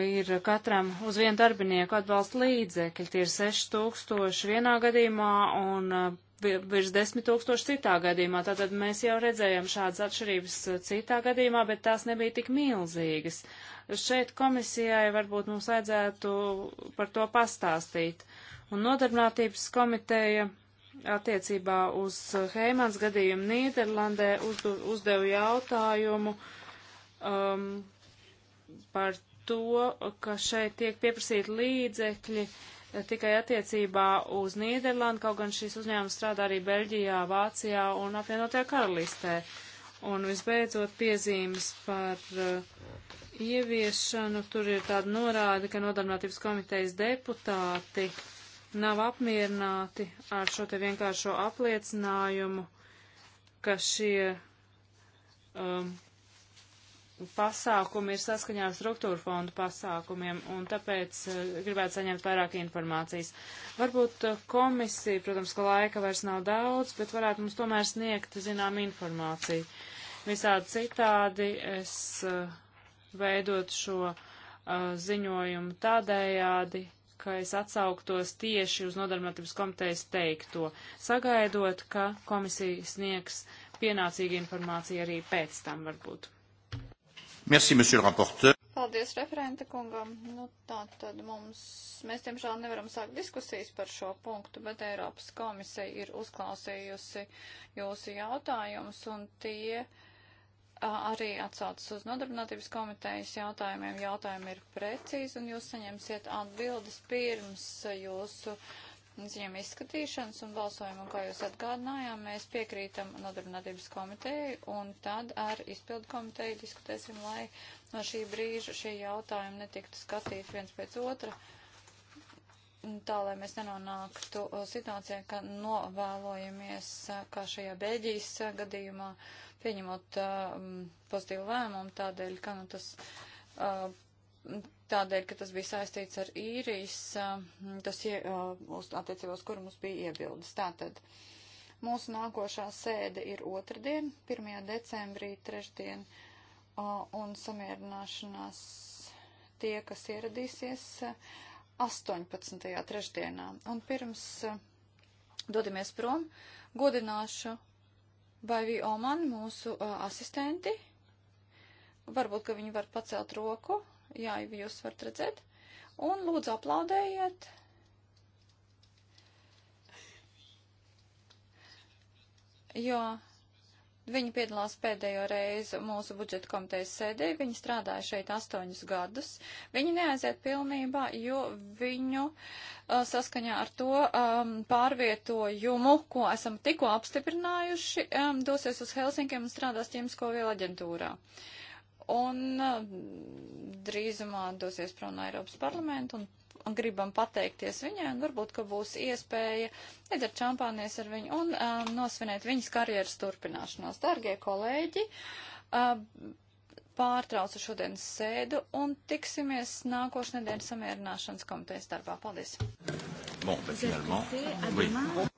ir katram uz vienu darbinieku atbalsta līdzekļi. Tie ir 6000 vienā gadījumā un uh, virs 10 tūkstoši citā gadījumā. Tātad mēs jau redzējām šādas atšķirības uh, citā gadījumā, bet tās nebija tik milzīgas. Šeit komisijai varbūt mums vajadzētu par to pastāstīt. Un nodarbinātības komiteja attiecībā uz uh, Heimans gadījumu Nīderlandē uzdu, uzdevu jautājumu um, par to, ka šeit tiek pieprasīti līdzekļi e, tikai attiecībā uz Nīderlandu, kaut gan šis uzņēmums strādā arī Beļģijā, Vācijā un apvienotajā karalistē. Un visbeidzot piezīmes par uh, ieviešanu, tur ir tāda norāde, ka nodarbinātības komitejas deputāti nav apmierināti ar šo te vienkāršo apliecinājumu, ka šie um, pasākumi ir saskaņā ar struktūra fondu pasākumiem, un tāpēc eh, gribētu saņemt vairāk informācijas. Varbūt eh, komisija, protams, ka laika vairs nav daudz, bet varētu mums tomēr sniegt, zinām, informāciju. Visādi citādi es eh, veidot šo ziņojumu tādējādi, ka es atsauktos tieši uz nodarbinātības komitejas teikto, sagaidot, ka komisija sniegs pienācīgu informāciju arī pēc tam varbūt. Merci, monsieur le rapporteur. Paldies referenta kungam. Nu, tā tad mums, mēs tiemžēl nevaram sākt diskusijas par šo punktu, bet Eiropas komisija ir uzklausījusi jūsu jautājumus un tie arī atsaucas uz nodarbinātības komitejas jautājumiem. Jautājumi ir precīzi un jūs saņemsiet atbildes pirms jūsu. Uh, ziņām izskatīšanas un balsojumu, un kā jūs atgādinājām, mēs piekrītam nodarbinātības komiteju, un tad ar izpildu komiteju diskutēsim, lai no šī brīža šie jautājumi netiktu skatīti viens pēc otra, tā lai mēs nenonāktu situācijā, ka novēlojamies, kā šajā Bēģijas gadījumā, pieņemot uh, pozitīvu lēmumu tādēļ, ka nu, tas. Uh, tādēļ, ka tas bija saistīts ar īrijas, mm, tas ie, uz attiecībos, kur mums bija iebildes. Tātad mūsu nākošā sēde ir otrdien, 1. decembrī, trešdien, un samierināšanās tie, kas ieradīsies 18. trešdienā. Un pirms dodamies prom, godināšu Baivi Oman, mūsu asistenti. Varbūt, ka viņi var pacelt roku. Jā, jūs varat redzēt. Un lūdzu aplaudējiet. Jo Viņa piedalās pēdējo reizi mūsu budžeta komitejas sēdē, viņa strādāja šeit astoņus gadus. Viņa neaiziet pilnībā, jo viņu uh, saskaņā ar to um, pārvietojumu, ko esam tikko apstiprinājuši, um, dosies uz Helsinkiem un strādās ķemisko vielu aģentūrā. Uh, un eh, drīzumā dosies prom no Eiropas parlamentu un, un gribam pateikties viņai un varbūt, ka būs iespēja iedzert čampānies ar viņu un um, nosvinēt viņas karjeras turpināšanos. Dargie kolēģi, um, pārtraucu šodienas sēdu un tiksimies nākošnedēļ samierināšanas komitejas darbā. Paldies! Bon, ben, finalement, oui.